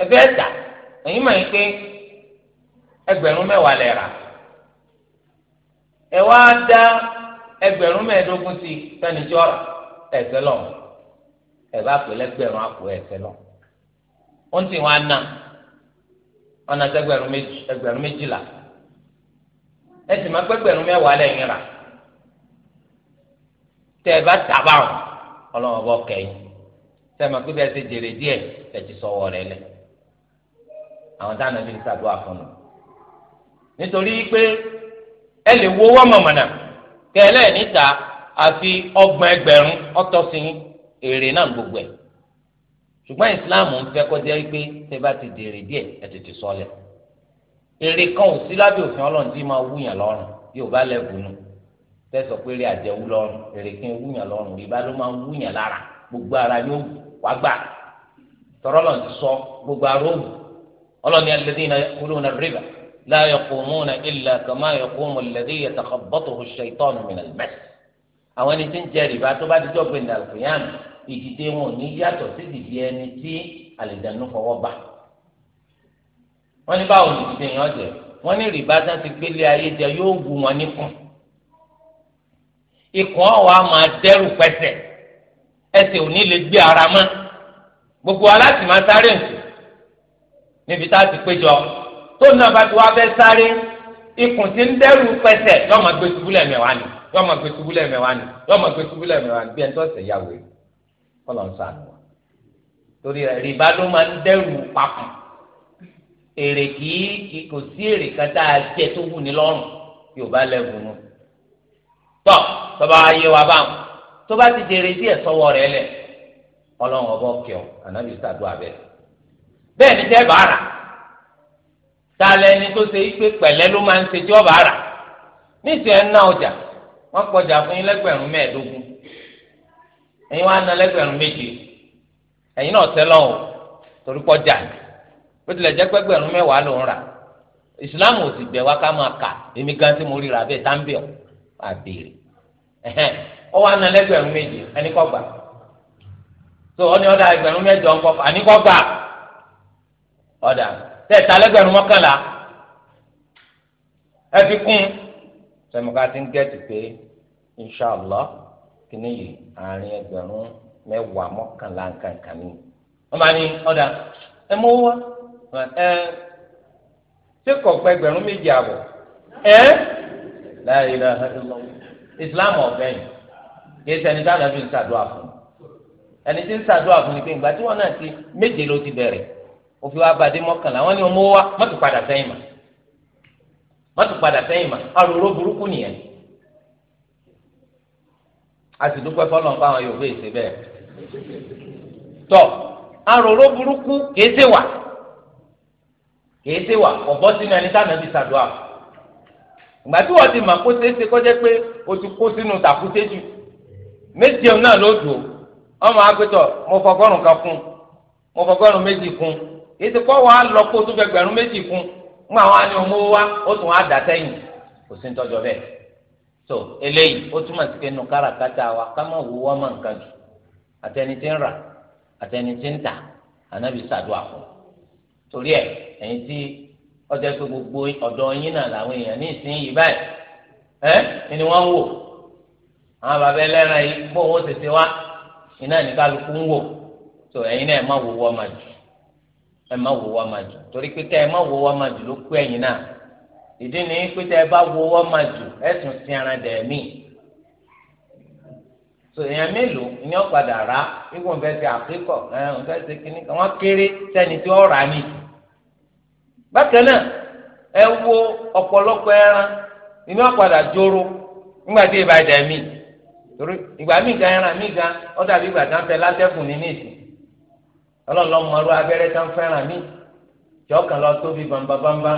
ẹ fẹ́ tà èyí mọ̀ yín pé ẹgbẹ̀rún mẹ́wàá lẹ̀ rà ẹ wá dá ẹgbẹ̀rún mẹ́ẹ̀ẹ́dógún sí sẹ́ni tí ẹsẹ lọ a pè lẹgbẹrún àpò ẹsẹ lọ ó ń tì wọn àná ọ̀nà ẹgbẹ̀rún méjì ẹgbẹ̀rún méjìlá ẹ máa gbẹgbẹ̀rún mẹ́wàá lẹ́yìn rà tẹ ẹ tàbá ọ tẹ ẹ máa ṣe jèrè ti rẹ lẹ̀ àwọn dáná bí sàdúrà fún nítorí pé ẹ wo wọ́n mọ̀mọ́nà àfi ọgbọ̀n ẹgbẹ̀rún ọ̀tọ̀ sí yín èrè náà gbogbo ẹ̀ ṣùgbọ́n ìsìláàmù ń fẹ́ kọjá wípé tẹ bá ti dèrè díẹ̀ ẹ tètè sọlẹ̀ èrè kan ò sí lábẹ́ òfin ọlọ́run tí máa wúyàn lọ́rùn yóò bá lẹ́bùnú tẹ̀sọ̀ pé eré àjẹwú lọ́rùn èrè kan wúyàn lọ́rùn ìbá ló máa wúyàn lára gbogbo ara yóò wá gbà tọ́rọ́ lọ́n ti sọ gbogbo ara ó wù ọlọ́ni alladhina yakuluna riba la yaqumuna illa kama yaqumu alladhi yatakhabbathu ash-shaytanu min al-mas àwọn ẹni tí ń jẹ rìbá tó bá ti jọ gbẹndà lùkìyàm ìdìde wọn ò ní yàtọ̀ sí ìdìde ẹni tí àlìjánu fọwọ́ bá wọn ní báwo ni ìdìde yẹn jẹ wọn ní rìbá tán ti gbélé ayé jẹ yóò wù wọn níkùn ikùn ọwọ́ a máa dẹ́rù pẹ́sẹ̀ ẹsẹ̀ ò ní lè gbé ara mọ́ gbogbo aláàtì máa sáré nkù níbi tá a ti péjọ tó náà bá ti wá fẹ́ sáré ikùn ti ń dẹ́rù pẹ́sẹ̀ lọ́mọ yọ ọmọ pé ṣubú lẹ́ẹ̀mẹ́wàá ni yọ ọmọ pé ṣubú lẹ́ẹ̀mẹ́wàá ni bí ẹni tó ṣẹ̀ yà wẹ̀ kọ́lọ̀ ń sànù wa torí rẹ̀ rìbá ló máa ń dẹ́rù papọ̀ èrè kì í kò sí èrè kan tá a jẹ tó wù ní lọ́rùn yóò bá lẹ́gùn nù tọ́ tọ́ba ayé wa báwọn tó bá ti jèrè díẹ̀ sọ́wọ́ rẹ̀ lẹ̀ ọlọ́run ọbọ̀ kẹọ ànábì sàdúrà bẹ́ẹ̀ bẹ́ẹ̀ ni tẹ́ bàárà ta lẹni tó ṣe é pé ló máa ń ṣe tí ọba rà níṣẹ́ ẹ̀ ń ná ọjà wọn kpọjà fún yín lẹ́gbẹ̀rún mẹ́ẹ̀ẹ́dógún ẹ̀yin wọ́n á méje ẹ̀yin náà tẹ́ lọ́wọ́ torí kọjá ó tilẹ̀ jẹ́ pẹ́gbẹ̀rún mẹ́wàá ló ń rà ìsìláàmù ò sì bẹ̀ wá ká máa kà èmi gan tí mo rí rà bẹ́ẹ̀ àbèrè ẹhẹn ó lẹgbẹrún méje ẹni gbà ọ ní gbà lẹgbẹrún ẹ fi sẹmọkà ti ń gẹ̀tì pé inshàlá kìíní yìí àárín ẹgbẹ̀rún mẹ́wàá mọ́kànlá nǹkankan ni wọ́n máa ní ọ̀dà ẹ mọ́ wá ẹ ṣé kò pẹ́ ẹgbẹ̀rún méjì àbọ̀ ẹ láyé islam ọ̀bẹ yìí kì í ṣẹni dáná fi ń ṣàdúrà fún ẹni tí ń ṣàdúrà fún ni pé ìgbà tí wọn náà ti méje ló ti bẹ̀rẹ̀ òfin wa bàdé mọ́kànlá wọn ni ọmọ wa mọ́tò padà sẹ́yìn mọ́ wọ́n ti padà sẹ́yìn mà arúgbó burúkú nìyẹn a sì dúpẹ́ fọlọ́n báwọn yòówù èsè bẹ́ẹ̀ tọ́ arúgbó burúkú kìí ṣe wà kìí ṣe wà ọ̀bọ sínú ẹni tá ànábi ṣàdúrà ìgbà tí wọ́n ti mà kó ṣeéṣe kọjá pé o ti kó sínú tàkúté jù méje náà ló dùn ọmọ agbẹ́tọ̀ mo fọgọ́rùn kan kún mo fọgọ́rùn méjì kún èsì kọ́ wàá lọ kó tó fẹ́ gbẹ̀rún méjì kún. ńgbà wọn ni òun wá ó tún wá dà sẹ́yìn kò sí nítọ́jọ́ so eléyìí ó túmọ̀ sí pé nu wa ká má wo wọ́n má nǹkan jù àtẹni tí ń rà àtẹni tí ń tà ànábì sàdúà fún torí ẹ tí pé gbogbo ọ̀dọ́ ni wọ́n ń wò àwọn bàbá ẹlẹ́ran yìí owó tètè wá iná so náà má ẹ má wo wá máa jù torí pé tẹ ẹ má wo wá máa jù ló kú náà ìdí ni pé ẹ bá wo wá jù ẹ ara dẹ̀ so èèyàn mélòó ni ó padà rà wípé òun fẹ́ ṣe àfíkọ ẹ òun fẹ́ ṣe kínní kan wọ́n kéré tí rà bákan náà ẹ wo ọ̀pọ̀lọpọ̀ ẹran ni padà jóró nígbà tí ìbá torí ìgbà gan ẹran gan dàbí ọlọ́lọ́ mọ̀ọ́rọ́ abẹ́rẹ́ tán fẹ́ràn mí jọ́kàn lọ tóbi bambabamba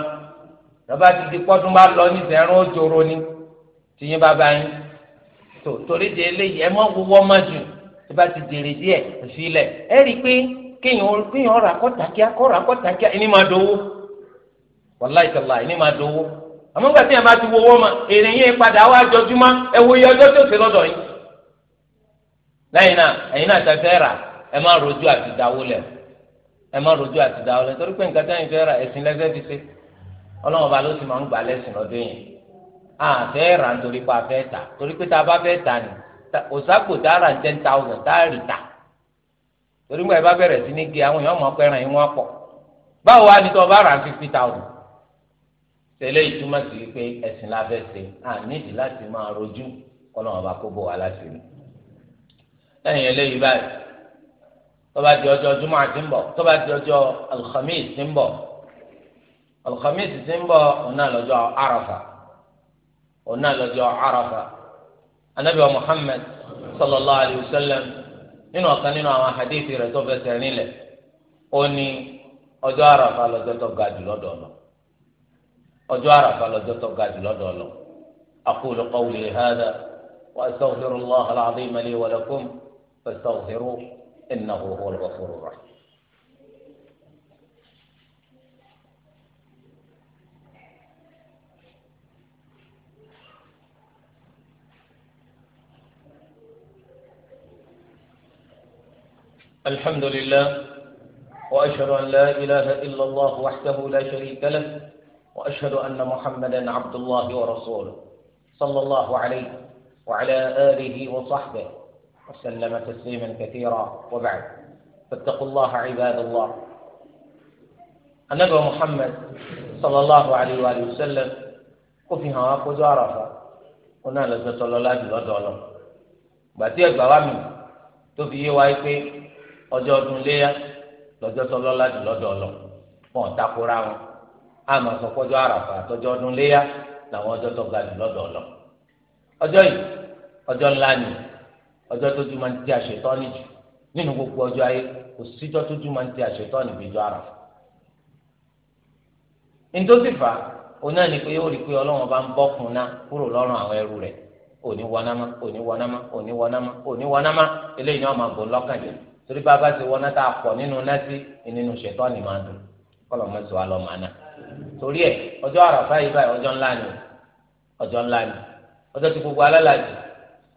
lọ́ba ti di pọ́dún bá lọ ní ìdẹ́rùn òjòrò ni tìyín bàbá yín tó torí de eléyìí ẹ mọ́ wúwọ́ mọ́ jù tó bá ti dèrè díẹ̀ ẹ rí i pé kéèyàn kéèyàn rà kọ́ta kíá kọ́ta kíá ẹni máa dowó ẹni máa dowó àmọ́ tí yẹn bá ti wọ́wọ́ mọ́ èrè yẹn padà wá jọjúmọ́ ẹ iye ọjọ́ tó lọ́dọ̀ ẹ má rojú àti dáwó lẹ̀ ẹ má rojú àti dáwó lẹ̀ torí pé nǹkan táyìn fẹ́ ra ẹ̀sìn lẹ́sẹ̀ ti ṣe ọlọ́run ọba ló sì máa ń gbà lẹ́sìn lọ́dún yẹn à fẹ́ rà nítorí pé a fẹ́ tà torí pé tá a bá fẹ́ tà ní òsápò tá a rà ten thousand tá a rì tà torí pé ẹ bá bẹ̀rẹ̀ sí ní gé àwọn èèyàn mọ̀ pé ẹran yín wọ́n pọ̀ báwo wá ní tó o bá rà fifty thousand tẹ́lẹ̀ ìtumọ̀ sí pé ẹ̀sìn la fẹ́ ṣe à nídìí láti máa rojú kọ́nà ọba kó bò wá láti rí lẹ́yìn eléyìí báyìí tọba di ọjọ́ jumọ àti nbọ tọba di ọjọ́ alhamis ti nbọ alhamis ti nbọ ọ̀nà lọ́jọ́ arafa ọ̀nà lọ́jọ́ arafa anabi wa muhammad sallallahu alayhi wa sallam nínú ọ̀kan nínú àwọn hadithi rẹ̀ tó fẹsẹ̀ nílẹ̀ ó ní ọjọ́ arafa lọ́jọ́ tó ga jù lọ́dọ̀ lọ arafa lọ́jọ́ tó ga jù lọ́dọ̀ lọ qawli hadha wa astaghfirullaha al-azima wa lakum fastaghfiruhu. إنه هو الغفور الرحيم الحمد لله وأشهد أن لا إله إلا الله وحده لا شريك له وأشهد أن محمدا عبد الله ورسوله صلى الله عليه وعلى آله وصحبه وسلم تسليما كثيرا وبعد فاتقوا الله عباد الله النبي محمد صلى الله عليه وآله وسلم وفي هواك وزارفة هنا لزة الله جل جلاله gbàtí ẹgbà wa mi tó fi yé wa yìí pé ọjọ́ ọdún léyà lọ́jọ́ tọ́lọ́lá jù lọ́dọ̀ ọ̀lọ́ wọn takora wọn àmọ́ sọpọ́jọ́ àràfà àtọ́jọ́ ọdún léyà làwọn ọjọ́ tó ga jù lọ́dọ̀ ọ̀lọ́ ọjọ́ yìí ọjọ́ ńlá ni ọjọ́ tójú máa ń ti àṣetọ́ níjù nínú gbogbo ọjọ́ ayé kò síjọ́ tójú máa ń ti àṣetọ́ níbi ìjọ ara. nítorí fà òun ni pé ó rí i pé ọlọ́run bá ń bọ́ kun ná kúrò lọ́rùn àwọn ẹrú rẹ̀ òní wọnámá òní wọnámá òní wọnámá òní wọnámá eléyìí ni wọ́n máa bò lọ́kàn jẹ torí bá a bá ti wọná tá a pọ̀ nínú náà sí nínú ṣètọ́ ni máa dùn kọ́lọ̀ mọ́ sí wa lọ́ọ́ máa ná torí ẹ̀ ọjọ́ àràfá yìí báyìí ọjọ́ ńlá ni ọjọ́ ńlá ni ọjọ́ tí gbogbo alálàjì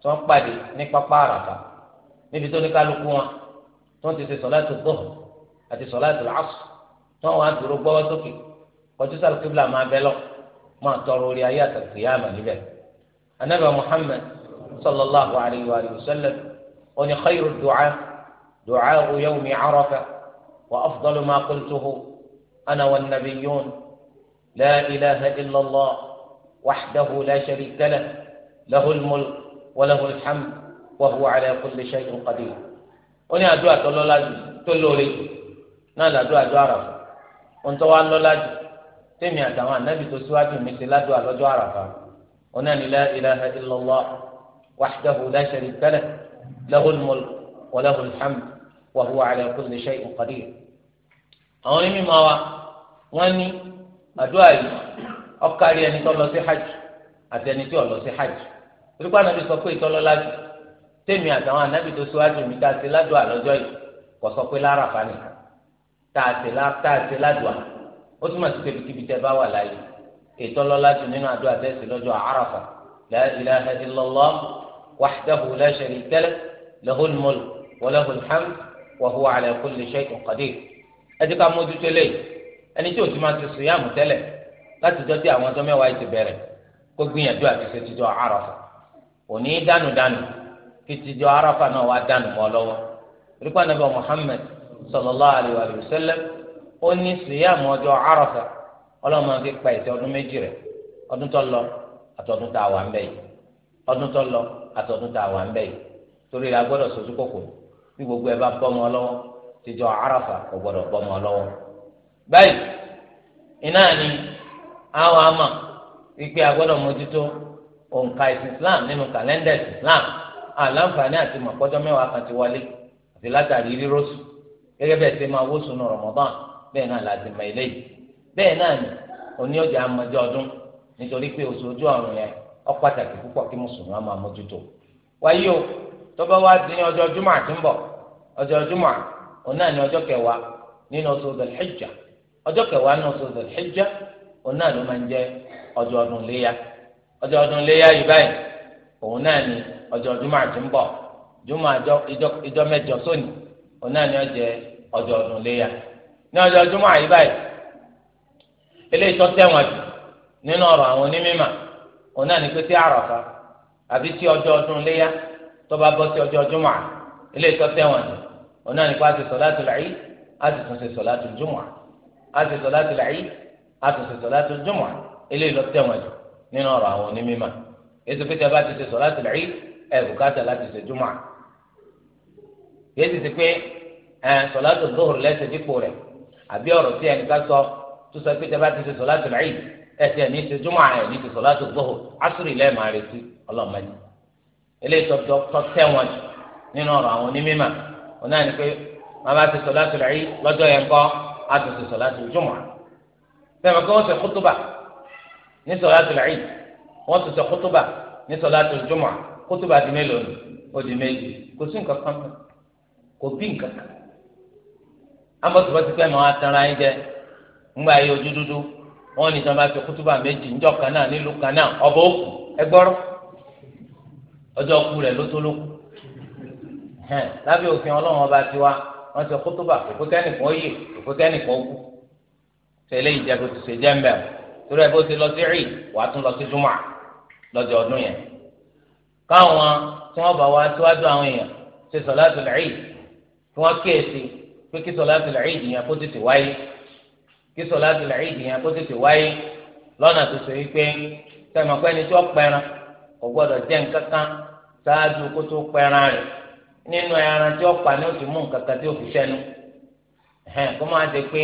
tí wọ́n pàdé ní pápá àràfà níbi tó ní kálukú wọn tí wọ́n ti ṣe sọ̀láàtù dọ́hùn àti sọ̀láàtù lásù tí wọ́n wá dúró gbọ́wọ́ sókè ọjọ́ sàlùkíbìlà máa bẹ́ lọ máa tọrọ orí ayé àtàkùn yá àmà níbẹ̀. anábẹ́ muhammed sallallahu alayhi wa sallam ó ní khayru du'a du'a yawmi arafa wa afdalu ma qultuhu ana wa nabiyun la ilaha illallah wahdahu la sharika lah lahu al walahu alhamd wa huwa ala kulli shay'in qadir ó ní àdúrà tó lọ́lá jù tó lóore jù náà làdúrà tó àràfà ohun tó wá lọ́lá jù tèmi àtàwọn ànábì tó síwájú mi ti ládùúrà lọ́jọ́ àràfà ó náà ní la ilaha illallah wahdahu la sharika lahu lahul mulk walahul hamd wa huwa ala kulli shay'in qadir àwọn wa wọ́n ní àdúrà yìí ó ẹni tó lọ sí hajj àti ẹni tí ò lọ sí hajj torípa anabi sọ pé ìtọ́lọ́lá jù tèmi àtàwọn anabi tó síwájú mi tá a ti ládùá lọ́jọ́ yìí kò sọ pé lárafa nìkan tá a ti ládùá ó túmọ̀ sí tẹ̀bìtìbì tẹ́ bá wà láyé ìtọ́lọ́lá jù nínú àdúrà tẹ́sí lọ́jọ́ àràfà la ilaha illallah wahdahu la sharika lahu lahul mulk wa lahul tẹ́lẹ̀ láti jọ́ tí àwọn ọjọ́ mẹ́wàá ti bẹ̀rẹ̀ gbìyànjú àti ṣe ti àràfà òní danu dànù kìtìjọ arafa náà wà dànù mọ́ lọ́wọ́ rípa nàbà muhammed sallallahu alayhi wa sallam ó ní ọjọ́ arafa ọlọ́mọ fi pa ìtẹ́ ọdún méjì rẹ ọdún tó lọ àtọ̀dún tá a wà ń ọdún tó lọ àtọ̀dún torí la bí gbogbo ẹ bá arafa kò báyìí ni àwọn àmà wípé a mójútó òǹkà ìsìn islam nínú kàlẹ́ndà ìsìn islam àlàǹfààní àti mọ̀kọ́jọ́ mẹ́wàá kan ti wọlé àti látàrí rírọ́sù gẹ́gẹ́ bẹ́ẹ̀ ṣe máa wóṣù nù rọ̀mọ́bọ́n bẹ́ẹ̀ náà láti mọ eléyìí bẹ́ẹ̀ náà ni òní ọjà ọdún nítorí pé oṣù ojú ọ̀run yẹn ó pàtàkì púpọ̀ kí mùsùlùmí máa mójútó wáyé o tó bá wá di ní ọjọ́ júmọ̀ àti ń bọ̀ ọjọ́ òun náà ni ọjọ́ kẹwàá nínú oṣù ọjọ́ kẹwàá ọjọ́ ọdún léyà yìí báyìí òun náà ni ọjọ́ jùmọ̀ àti ń bọ̀ jùmọ̀ ìjọ mẹ́jọ sóni òun náà ni ọjọ́ ọjọ́ ọdún léyà ní ọjọ́ jùmọ̀ àyè báyìí eléyìí tó tẹ̀wọ̀n jù nínú ọ̀rọ̀ àwọn onímọ̀ òun náà ni pé tí àràfà àbí tí ọjọ́ ọdún léyà tó bá bọ́ sí ọjọ́ jùmọ̀ eléyìí tó tẹ̀wọ̀n jù òun náà ni pé a ti sọ̀láàtù l'Eid a tún ṣe sọ̀láàtù jùmọ̀ a ti sọ̀láàtù l'Eid a ti tún ṣe sọ̀láàtù jùmọ̀ eléyìí ló tẹ̀wọ̀n jù nínú ọ̀rọ̀ àwọn onímọ̀ yéésù pété bá ti ṣe sọ láti rí ẹ bùkátà láti ṣe júmọ̀ yéésù ti pé ẹ sọ láti lóhùn lẹ́sẹ̀ dípò rẹ̀ àbí ọ̀rọ̀ tí ẹnì ká sọ tó sọ pété bá ti ṣe sọ láti rí ẹsẹ̀ ní ti júmọ̀ ẹ ní ti sọ láti lóhùn asúrì lẹ́ẹ̀ máa retí ọlọ́mọdé eléyìí tọ́ tẹ́wọ̀n nínú ọ̀rọ̀ àwọn onímọ̀ ọ̀nà ni pé màmá ti sọ láti rí lọ́jọ́ yẹn kọ́ á ti sọ láti júmọ̀ ní sọláàtù Eid wọ́n tún sọ kútúbà ní sọláàtù Jumu'a kútúbà di mélòó ni ó di méjì kò sí nǹkan kan kò bí nǹkan kan amọ̀tòmọ́ ti pẹ́ máa tanra yín jẹ ńgbà yìí ojú dúdú wọ́n ní sọ́n bá fi kútúbà méjì ńjọ́ kan náà nílùú kan náà ọ̀bọ òkú ẹgbọ́rọ́ ọjọ́ ku rẹ̀ ló tó ló kù lábẹ́ òfin ọlọ́run ọba tiwa wọ́n sọ kútúbà òkú kẹ́nìkan kẹ́nìkan kú tẹ̀lé ìjẹ́bù tó ṣe jẹ́ mbẹ́rù torí ẹ bó ti lọ sí rí wàá tún lọ sí júmọ̀ lọ́jọ́ ọdún yẹn káwọn tí wọ́n bá wá síwájú àwọn èèyàn ṣe sọ̀láàtù lẹ́yìn kí wọ́n kíyèsí pé kí sọ̀láàtù lẹ́yìn yẹn kó tètè wáyé kí sọ̀láàtù lẹ́yìn yẹn kó tètè wáyé lọ́nà tó so wípé sẹ́mi ọ̀pẹ́ ni tí wọ́n pẹran kò gbọ́dọ̀ jẹ́ nǹkan kan kó tó pẹran rẹ̀ nínú ẹran tí wọ́n pa ni ó ti mú nǹkan tí ó fi sẹ́nu kó máa ṣe pé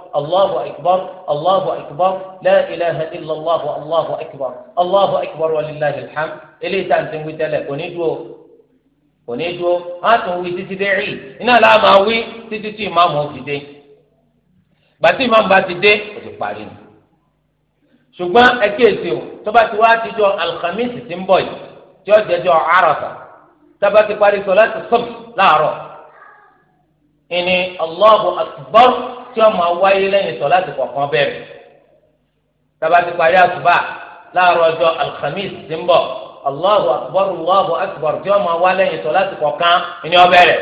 الله أكبر الله أكبر لا إله إلا الله الله أكبر الله أكبر ولله الحمد إلي تانتم وتلك ونجو ونجو هاتم وتتدعي إنا لا ما تتتي ما مو تدي باتي ما باتدي وتقارن ṣùgbọ́n ẹ̀kẹ́sì o tó bá ti wá àtijọ́ alhamisi ti ń bọ̀ yìí tí ó jẹjọ́ Àrafà tá bá ti parí tí wọn máa wáyé lẹ́yìn sọ láti kọ̀ọ̀kan bẹ̀rẹ̀ tabati parí àsùbà láàárọ̀ ọjọ́ alhamis ti ń bọ̀ allahu akbar allahu akbar tí wọn máa wá lẹ́yìn sọ láti kọ̀ọ̀kan ni ó bẹ̀rẹ̀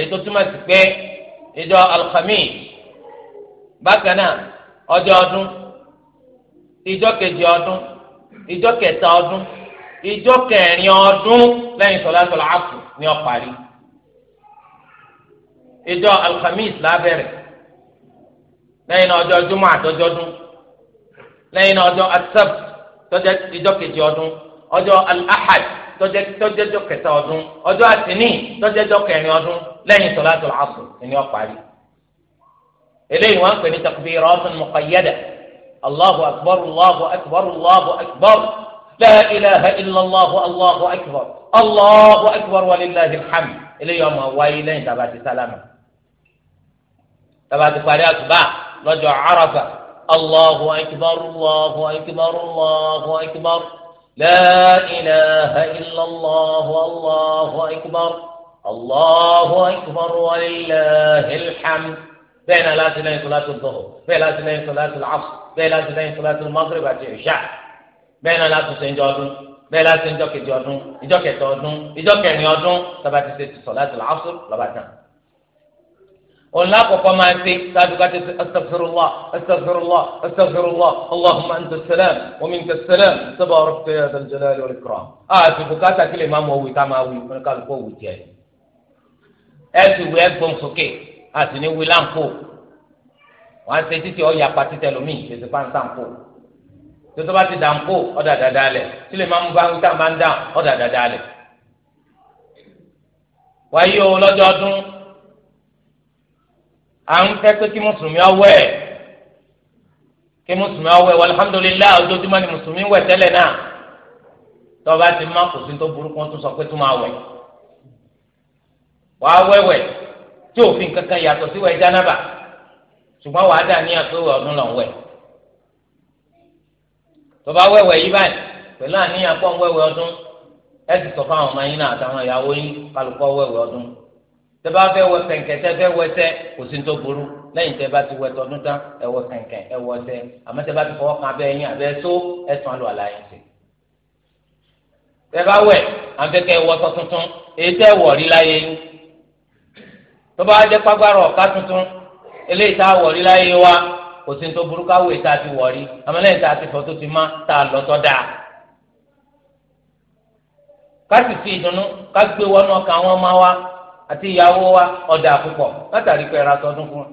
ètò túmọ̀ sí pé ìjọ alhamis bákan náà ọjọ́ ọdún ìjọ kejì ọdún ìjọ kẹta ọdún ìjọ kẹrin ọdún lẹ́yìn sọ láti kọ̀ọ̀kan ni ó parí. ìjọ alhamis lábẹ́rẹ̀ lẹ́yìn náà ọjọ́ jumọ dún lẹ́yìn náà ọjọ́ asab tọjẹ ìjọ kejì ọdún ọjọ́ alahad tọjẹ tọjẹjọ kẹta ọdún ọjọ́ atini tọjẹjọ kẹrin ọdún lẹ́yìn sọláàtọ àpò ẹni ọparí eléyìí wọn pè ní takbiratun muqayyada allahu akbar allahu akbar allahu akbar la ilaha illallah allahu akbar allahu akbar walillahi alhamd eléyìí ọmọ wáyé lẹ́yìn tàbá ti sálámà. tàbá ti parí àtúbà lọ́jọ́ àràfà allahu akbar allahu akbar allahu akbar la ilaha illallah allahu akbar allahu akbar walillahil hamd bẹ́ẹ̀ náà láti lẹ́yìn sọláàtì dọ̀họ̀ bẹ́ẹ̀ láti lẹ́yìn sọláàtì làásù bẹ́ẹ̀ láti lẹ́yìn sọláàtì magrib àti ìṣá bẹ́ẹ̀ náà láti sẹ́njọ́ ọdún bẹ́ẹ̀ láti sẹ́njọ́ kejì ọdún ìjọ́ kẹtọ̀ ọdún ìjọ́ kẹrin ọdún tàbá ti sẹ́tì sọláàtì làásù lọ́ba tán ọ̀la kọ̀kọ́ máa ṣe ṣáájú ká ṣe astaghfirullah astaghfirullah astaghfirullah allahumma anta salam wa minka salam tabarakta ya dhal jalali wal ikram. àti bùkátà kí lè má mọ òwe ká máa wí fún kálukú òwe tiẹ̀. ẹ ti wí ẹgbọn sókè àti ní wí láǹkó wọn ṣe títí ọ̀yà pàtí tẹlomi ìṣèṣe pàǹtàǹkó tótó bá ti dàǹkó ọ̀dà dáadáa lẹ̀ tí lè má mú bá ń tà ń dà ọ̀dà dáadáa lẹ̀. wáyé o lọ́jọ́ ọdún à ń fẹ́ pé kí mùsùlùmí ọwẹ́ kí mùsùlùmí ọwẹ́ alhamdulilayi ojoojúmọ́ ni mùsùlùmí wẹ̀ tẹ́lẹ̀ náà tọ́ba ti má kò sí tó burúkú wọn tún sọ pé tún máa wẹ̀ wàá wẹ̀wẹ̀ tí òfin kankan yàtọ̀ sí wẹ̀ jánábà ṣùgbọ́n wàá dà ní àtúwẹ̀ ọdún lọ́n wẹ̀ tọ́ba wẹ̀wẹ̀ yí báyìí pẹ̀lú àníyàn pọ̀ ń ọdún ẹ̀ sì sọ fáwọn ọmọ yín náà àtàwọn ìyàwó yín kálukọ́ wẹ̀wẹ̀ ọdún tẹ́bá fẹ́ wọ kẹ̀kẹ́ tẹ́ fẹ́ wọ ẹsẹ̀ kò sí tó burú lẹ́yìn tẹ́ bá ti wọ ẹtọ́ ọdún tán ẹ wọ kẹ̀kẹ́ ẹ wọ ẹsẹ̀ àmọ́ tẹ́ bá ti fọwọ́ kan abẹ́ ẹyin abẹ́ tó ẹ̀sán lọ àlàyé sí. tẹ́bá wẹ̀ àǹfẹ́kẹ́ wọ tuntun èyí tẹ́ wọ̀ rí láyé yín tọ́ba jẹ́ pàgbárọ̀ ọ̀ká tuntun eléyìí tá a wọ̀ rí láyé wa kò sí tó burú káwé tá a ti wọ̀ rí àmọ́ lẹ́yìn tá a ti fọ́ tó ká sì fi ìdùnnú ká gbé wọnú ọkàn àwọn ọmọ wa àti ìyàwó wa ọ̀dà púpọ̀ látàrí pé ẹ̀rọ àtọ́dún fún wọn.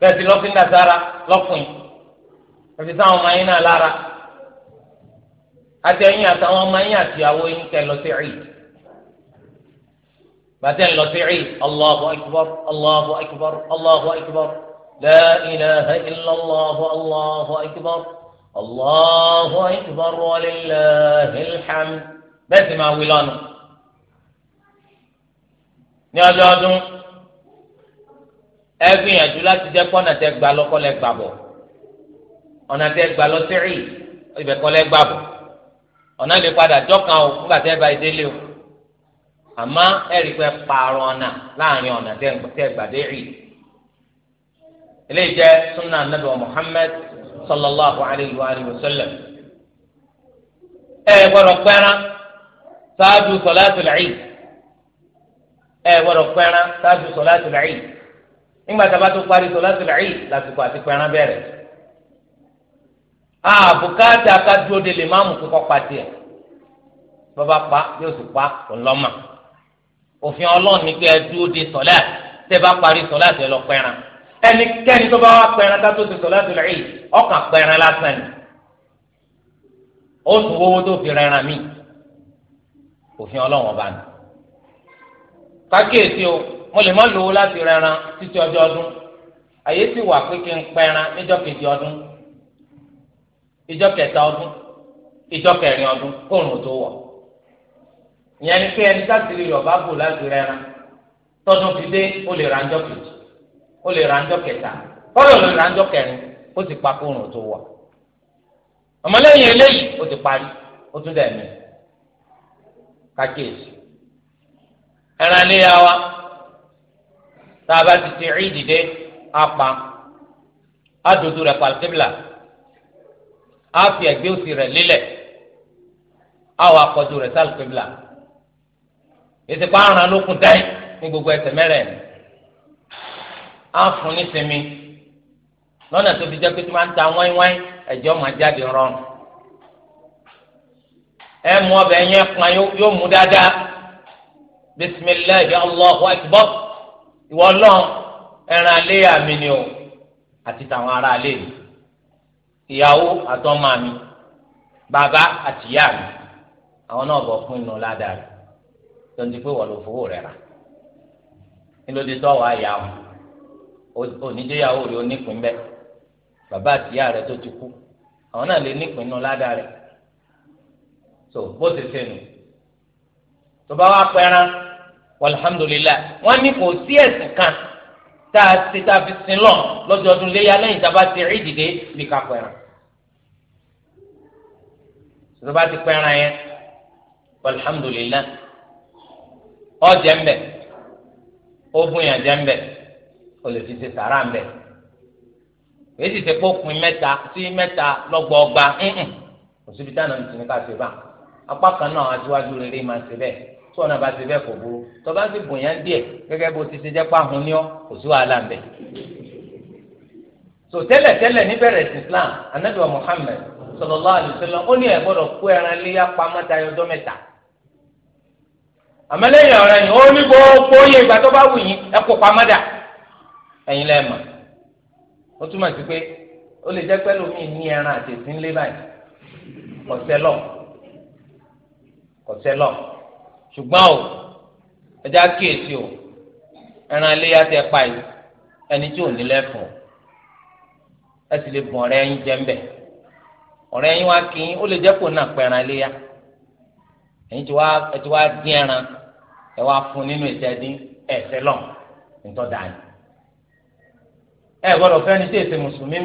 bẹ́ẹ̀sì lọ́fíńdà sára lọ́fìn àti sáwọn ọmọ yín náà lára àti ẹ̀yin àtàwọn ọmọ yín àti ìyàwó yín kẹ́ lọ sí ẹ̀yìn bàtẹ́ lọ sí ẹ̀yìn Allahu akbar Allahu akbar Allahu akbar la ilaha illallah Allahu akbar Allahu akbar wa lillahil hamd. bẹ́ẹ̀ sì máa wí lọ́nu ní ọdọọdún ẹ gbìyànjú láti jẹ́ pọ́nà tẹ gbà lọ́kọ́ lẹ gbà bọ̀ ọ̀nà tẹ gbà lọ padà dọ́kan o nígbà tẹ́ bá délé o àmọ́ ẹ rí pé pààrọ̀ ọ̀nà láàrin ọ̀nà Muhammad sallallahu alayhi wa sallam ẹ gbọ́dọ̀ pẹ́ràn. ṣáájú sọláàtù làyí ẹ gbọ́dọ̀ pẹran ṣáájú sọláàtù làyí nígbà tá a bá tó parí sọláàtù làyí lásìkò àti pẹran bẹ̀rẹ̀ àbùkátà ká dúró de lè má mú kíkọ pàtì ẹ bàbá pa yóò sì pa ńlọmọ òfin Ọlọ́run ní pé ẹ dúró de sọláàtù tẹ́ bá parí sọláàtù ẹ lọ pẹran ẹnikẹ́ni tó bá wá pẹran ká tó ti sọláàtù làyí ọkàn pẹran lásán ni ó tún owó tó fi rẹran míì. òfin ọlọ́wọ́n bá ní. kákíyèsí o mo lè má lówó láti rẹran títí ọjọ́ ọdún àyè sì wà pé kí n pẹran níjọ́ kejì ọdún ìjọ́ kẹta ọdún ìjọ́ kẹrin ọdún kóòrùn tó wọ ìyẹn ni pé ẹni sátìrì yorùbá bò láti rẹran tọdún fi dé lè ra kejì lè ra kẹta kọ́lọ̀ lè ra kẹrin ti pa kóòrùn tó ọmọlẹ́yìn eléyìí ti parí kàkéèsì ẹran léya wa tá a bá ti ti rí dìde á pa á dodo rẹ̀ pàlùkébìlà á fi ẹ̀gbẹ́ òsì rẹ̀ lélẹ̀ á wà kọjú rẹ̀ sàlùkébìlà ìsìnkú àrùn lókun dẹ́yìn ní gbogbo ẹsẹ̀ mẹ́rẹ̀ ẹ̀ á fún ní sinmi lọ́nà tó fi jẹ́ pé tó máa ń ta wáínwáín ẹ̀jọ́ máa jáde rọrùn ẹ mú ọbẹ̀ yẹn kan yóò mú dáadáa bisimilahi allahu akbar ìwọ lọ́n ẹran alẹ́ àmì ni o àti tàwọn ará alẹ́ mi ìyàwó àtọ́mọ mi bàbá àtìyá mi àwọn náà bọ̀ fún inú ládàá rẹ̀ tó pé wọ́n lọ fowó rẹ̀ rà nílòdì tọ́wọ́ àyà o onídéyàwó rẹ̀ onípín bẹ́ẹ̀ bàbá àtìyá rẹ̀ tó ti kú àwọn náà lè nípín ládàá rẹ̀ so bó ti sẹnu tó bá pẹran alhamdulilayi wọn ní kò sí ẹsìn kan tá a ti tá a fi sin lọ lọ́dọọdún léyà lẹ́yìn tá a bá ti rí dìde bí ká pẹran tó bá ti pẹran yẹn alhamdulilayi ọjẹ ń bẹ ogun yẹn jẹ ń bẹ o lè fi ṣe sàrà ń bẹ èyí ti ṣe kó pin mẹ́ta sí mẹ́ta lọ́gbọọgba ńǹ òsibítà náà ti ní ká ṣe báyìí. apá kan náà aṣíwájú rere máa ṣe bẹ́ẹ̀ tí ọ̀nà bá ṣe bẹ́ẹ̀ kò burú tó bá sì bòyàn díẹ̀ gẹ́gẹ́ bó ti ṣe jẹ́ páhùn ní ọ kò sí wàhálà so tẹ́lẹ̀ tẹ́lẹ̀ níbẹ̀rẹ̀ Islam anabi wa sallallahu alaihi ó ní ẹ̀ gbọ́dọ̀ ẹran léyà pamọ́ tayọ ọjọ́ mẹ́ta. àmọ́lẹ́yìn ọ̀rẹ́ yìí ó ní gbogbo oyè ìgbà tó bá wù yín ẹ kó pamọ́ kọsẹlọ ṣùgbọ́n o ẹja kíyèsí o ẹran iléyà tẹ pa yìí ẹni tí ò ní lẹfọ ẹ sì lè bùn ọ̀rẹ́ yín jẹ ọ̀rẹ́ yín kí ó lè jẹ kó nà pẹ ẹran iléyà ẹ̀yin tí wá ẹ ti wá dín ẹran ẹ fún nínú dání ẹ tí èsè mùsùlùmí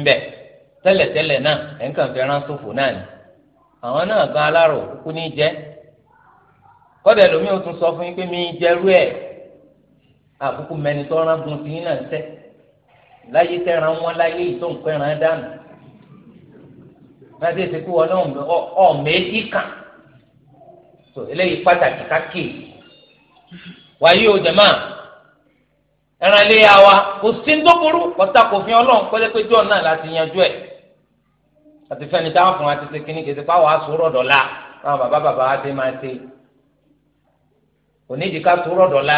ń bẹ tẹ́lẹ̀tẹ́lẹ̀ náà ẹ̀ ń kàn fi ẹran ṣòfò náà ni àwọn náà gan alárò kúkú ní jẹ́ kọ́dà lómi ò tún sọ fún yín pé mi jẹ́rú ẹ̀ àkókò mẹ́ni tó rán gun sí yín náà tẹ́ láyé tẹ́ran wọn láyé ìtò o jẹ̀má ẹran ilé wa kò sí ń dókòrò kọ́tà kò ọlọ́run pẹ́lẹ́pẹ́jọ́ náà àti fẹ́ni táwọn fún wa ti ṣe kínní kìí ṣe pa wàá sòrò dọ̀la táwọn bàbá bàbá wa ti máa ṣe onídìí ká sòrò dọ̀la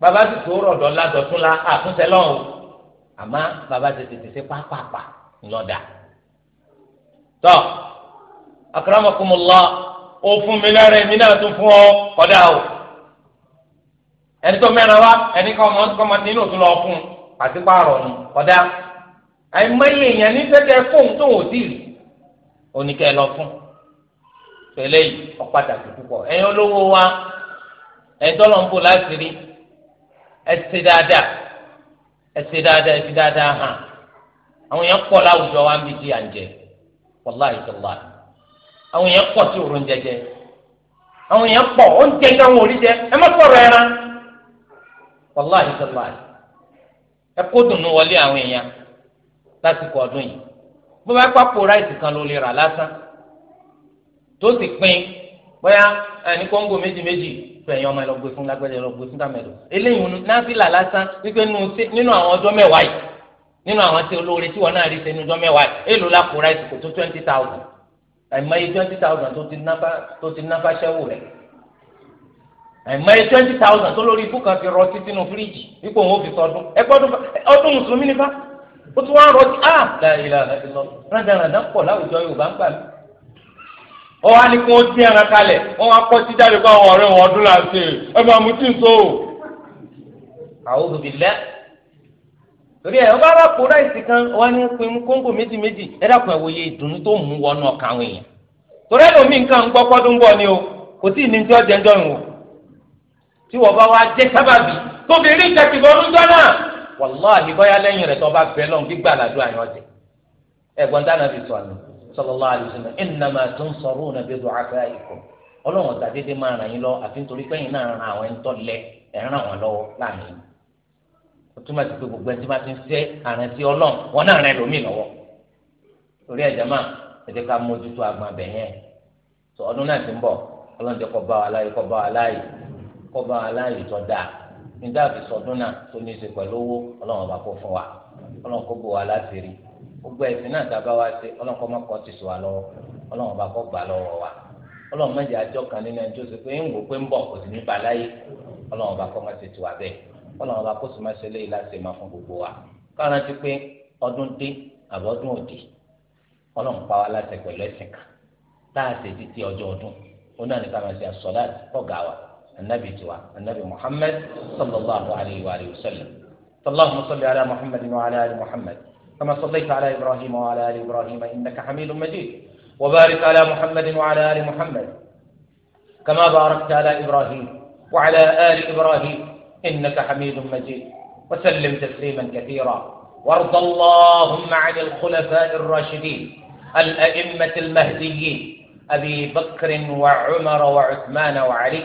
bàbá ti sòrò dọ̀la dọ̀túnla àtúnṣe lọ́hùn àmọ́ bàbá ti tètè ṣe pápápá ńlọ́dà tọ́ akramakumullah ó fún mi lára èmi náà tún fún ọ kọ́dà o ẹni tó mẹ́ra wa ẹni kọ́ ọmọ nínú òtún lọ fún pàtípààrọ̀ nù kọ́dà. àìmọye èèyàn ní sẹ́kẹ̀ fóun tó wò sí rí oníkẹ́ lọ fún pẹ̀lẹ́ yìí olówó wa ẹ̀dọ́lọ̀ ń bò láti rí ẹ dáadáa ẹ dáadáa ẹ dáadáa hàn àwọn èèyàn pọ̀ láwùjọ wa ń bí di àǹjẹ wàláhì sọláì àwọn èèyàn pọ̀ tí jẹjẹ àwọn lásìkò ọdún yìí bó bá pápó ráìsì kan ló lè rà lásán tó sì pín bóyá ẹni kóńgò méjì méjì fẹ̀yìn ọmọ ẹ lọ gbé fún lágbẹ́dẹ lọ gbé fún tàmẹ́lò eléyìí náfìlà lásán wípé nínú àwọn ọjọ́ mẹ́wàá yìí nínú àwọn tí olóore tí wọn náà rí sẹ́nu ọjọ́ mẹ́wàá yìí èlò lápò ráìsì kò tó twenty thousand àìmọye twenty thousand tó ti náfà tó ti náfà ṣẹ́wó rẹ̀ àìmọye twenty thousand tó lórí ibú kan fi rọ títí nù fíríjì ipò òun ò fi sọdún ẹ gbọ́dún ọdún mùsùlùmí nípa ó tún wọn rọjò á láìlà lọ rádaràdà pọ̀ láwùjọ yorùbá ń gbà mí. ó wá ní kí wọ́n dín ẹran kalẹ̀ wọ́n wá kọ́ títà lè kọ́ àwọn ọ̀rẹ́ wọn ọdún láti ẹ máa mú tí so. àwọn òbí lẹ torí ẹ ọba bá kó ráìsì kan wọn ní pin kóńgò méjì méjì ẹ ìdùnnú tó mú ni o kò tí ì ní tí wọ́n bá wá jẹ́ sábàbí wàláhì báyà lẹ́yìn rẹ̀ tó bá bẹ̀ lọ́n gbígbà làdó àyàn jẹ ẹ̀gbọ́n dáná ti sọ̀nù sallallahu alaihi wasallam innama tunsaruna bi du'afaikum ọlọ́run ọ̀tà dédé máa ràn yín lọ àfi nítorí pẹ́yìn náà ran àwọn ẹni lẹ ẹ̀ ràn lọ́wọ́ láàmì o túmọ̀ sí pé gbogbo ti fẹ́ níta àfisọdún náà tó ní í ṣe pẹ̀lú owó ọlọ́run bá kó fún wa ọlọ́run kó bò wá láti rí gbogbo ẹ̀sìn náà tá a bá wá ọlọ́run ti wa lọ́wọ́ ọlọ́run bá gbà lọ́wọ́ wa ọlọ́run àjọ kan nínú ẹni tó ṣe pé ń wò pé ń bọ̀ kò sí ní ọlọ́run bá gbogbo wa ti pé ọdún dé àbọ̀dún òdì ọlọ́run pa النبي توا النبي محمد صلى الله عليه وآله وسلم فاللهم صل على محمد وعلى آل محمد كما صليت على إبراهيم وعلى آل إبراهيم إنك حميد مجيد وبارك على محمد وعلى آل محمد كما باركت على إبراهيم وعلى آل إبراهيم إنك حميد مجيد وسلم تسليما كثيرا وارض اللهم عن الخلفاء الراشدين الأئمة المهديين أبي بكر وعمر وعثمان وعلي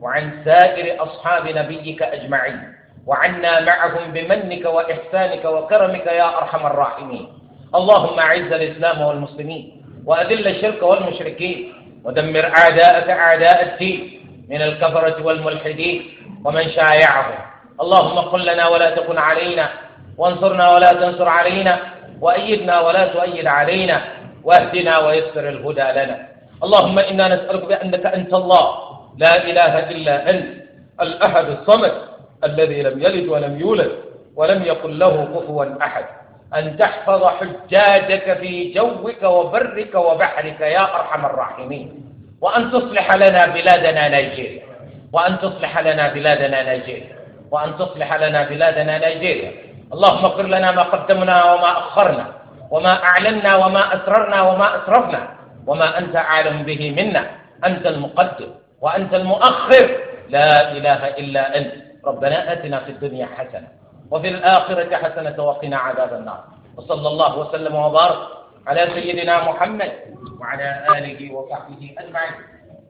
وعن سائر أصحاب نبيك أجمعين وعنا معهم بمنك وإحسانك وكرمك يا أرحم الراحمين اللهم أعز الإسلام والمسلمين وأذل الشرك والمشركين ودمر أعداءك أعداء الدين من الكفرة والملحدين ومن شايعهم اللهم قل لنا ولا تكن علينا وانصرنا ولا تنصر علينا وأيدنا ولا تؤيد علينا واهدنا ويسر الهدى لنا اللهم إنا نسألك بأنك أنت الله لا إله إلا أنت الأحد الصمد الذي لم يلد ولم يولد ولم يقل له كفوا أحد أن تحفظ حجاجك في جوك وبرك وبحرك يا أرحم الراحمين وأن تصلح لنا بلادنا نيجيريا وأن تصلح لنا بلادنا نيجيريا وأن تصلح لنا بلادنا نيجيريا اللهم اغفر لنا ما قدمنا وما أخرنا وما أعلنا وما أسررنا وما أسرفنا وما أنت أعلم به منا أنت المقدم وأنت المؤخر لا إله إلا أنت ربنا آتنا في الدنيا حسنة وفي الآخرة حسنة وقنا عذاب النار وصلى الله وسلم وبارك على سيدنا محمد وعلى آله وصحبه أجمعين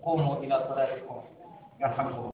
قوموا إلى صلاتكم يرحمكم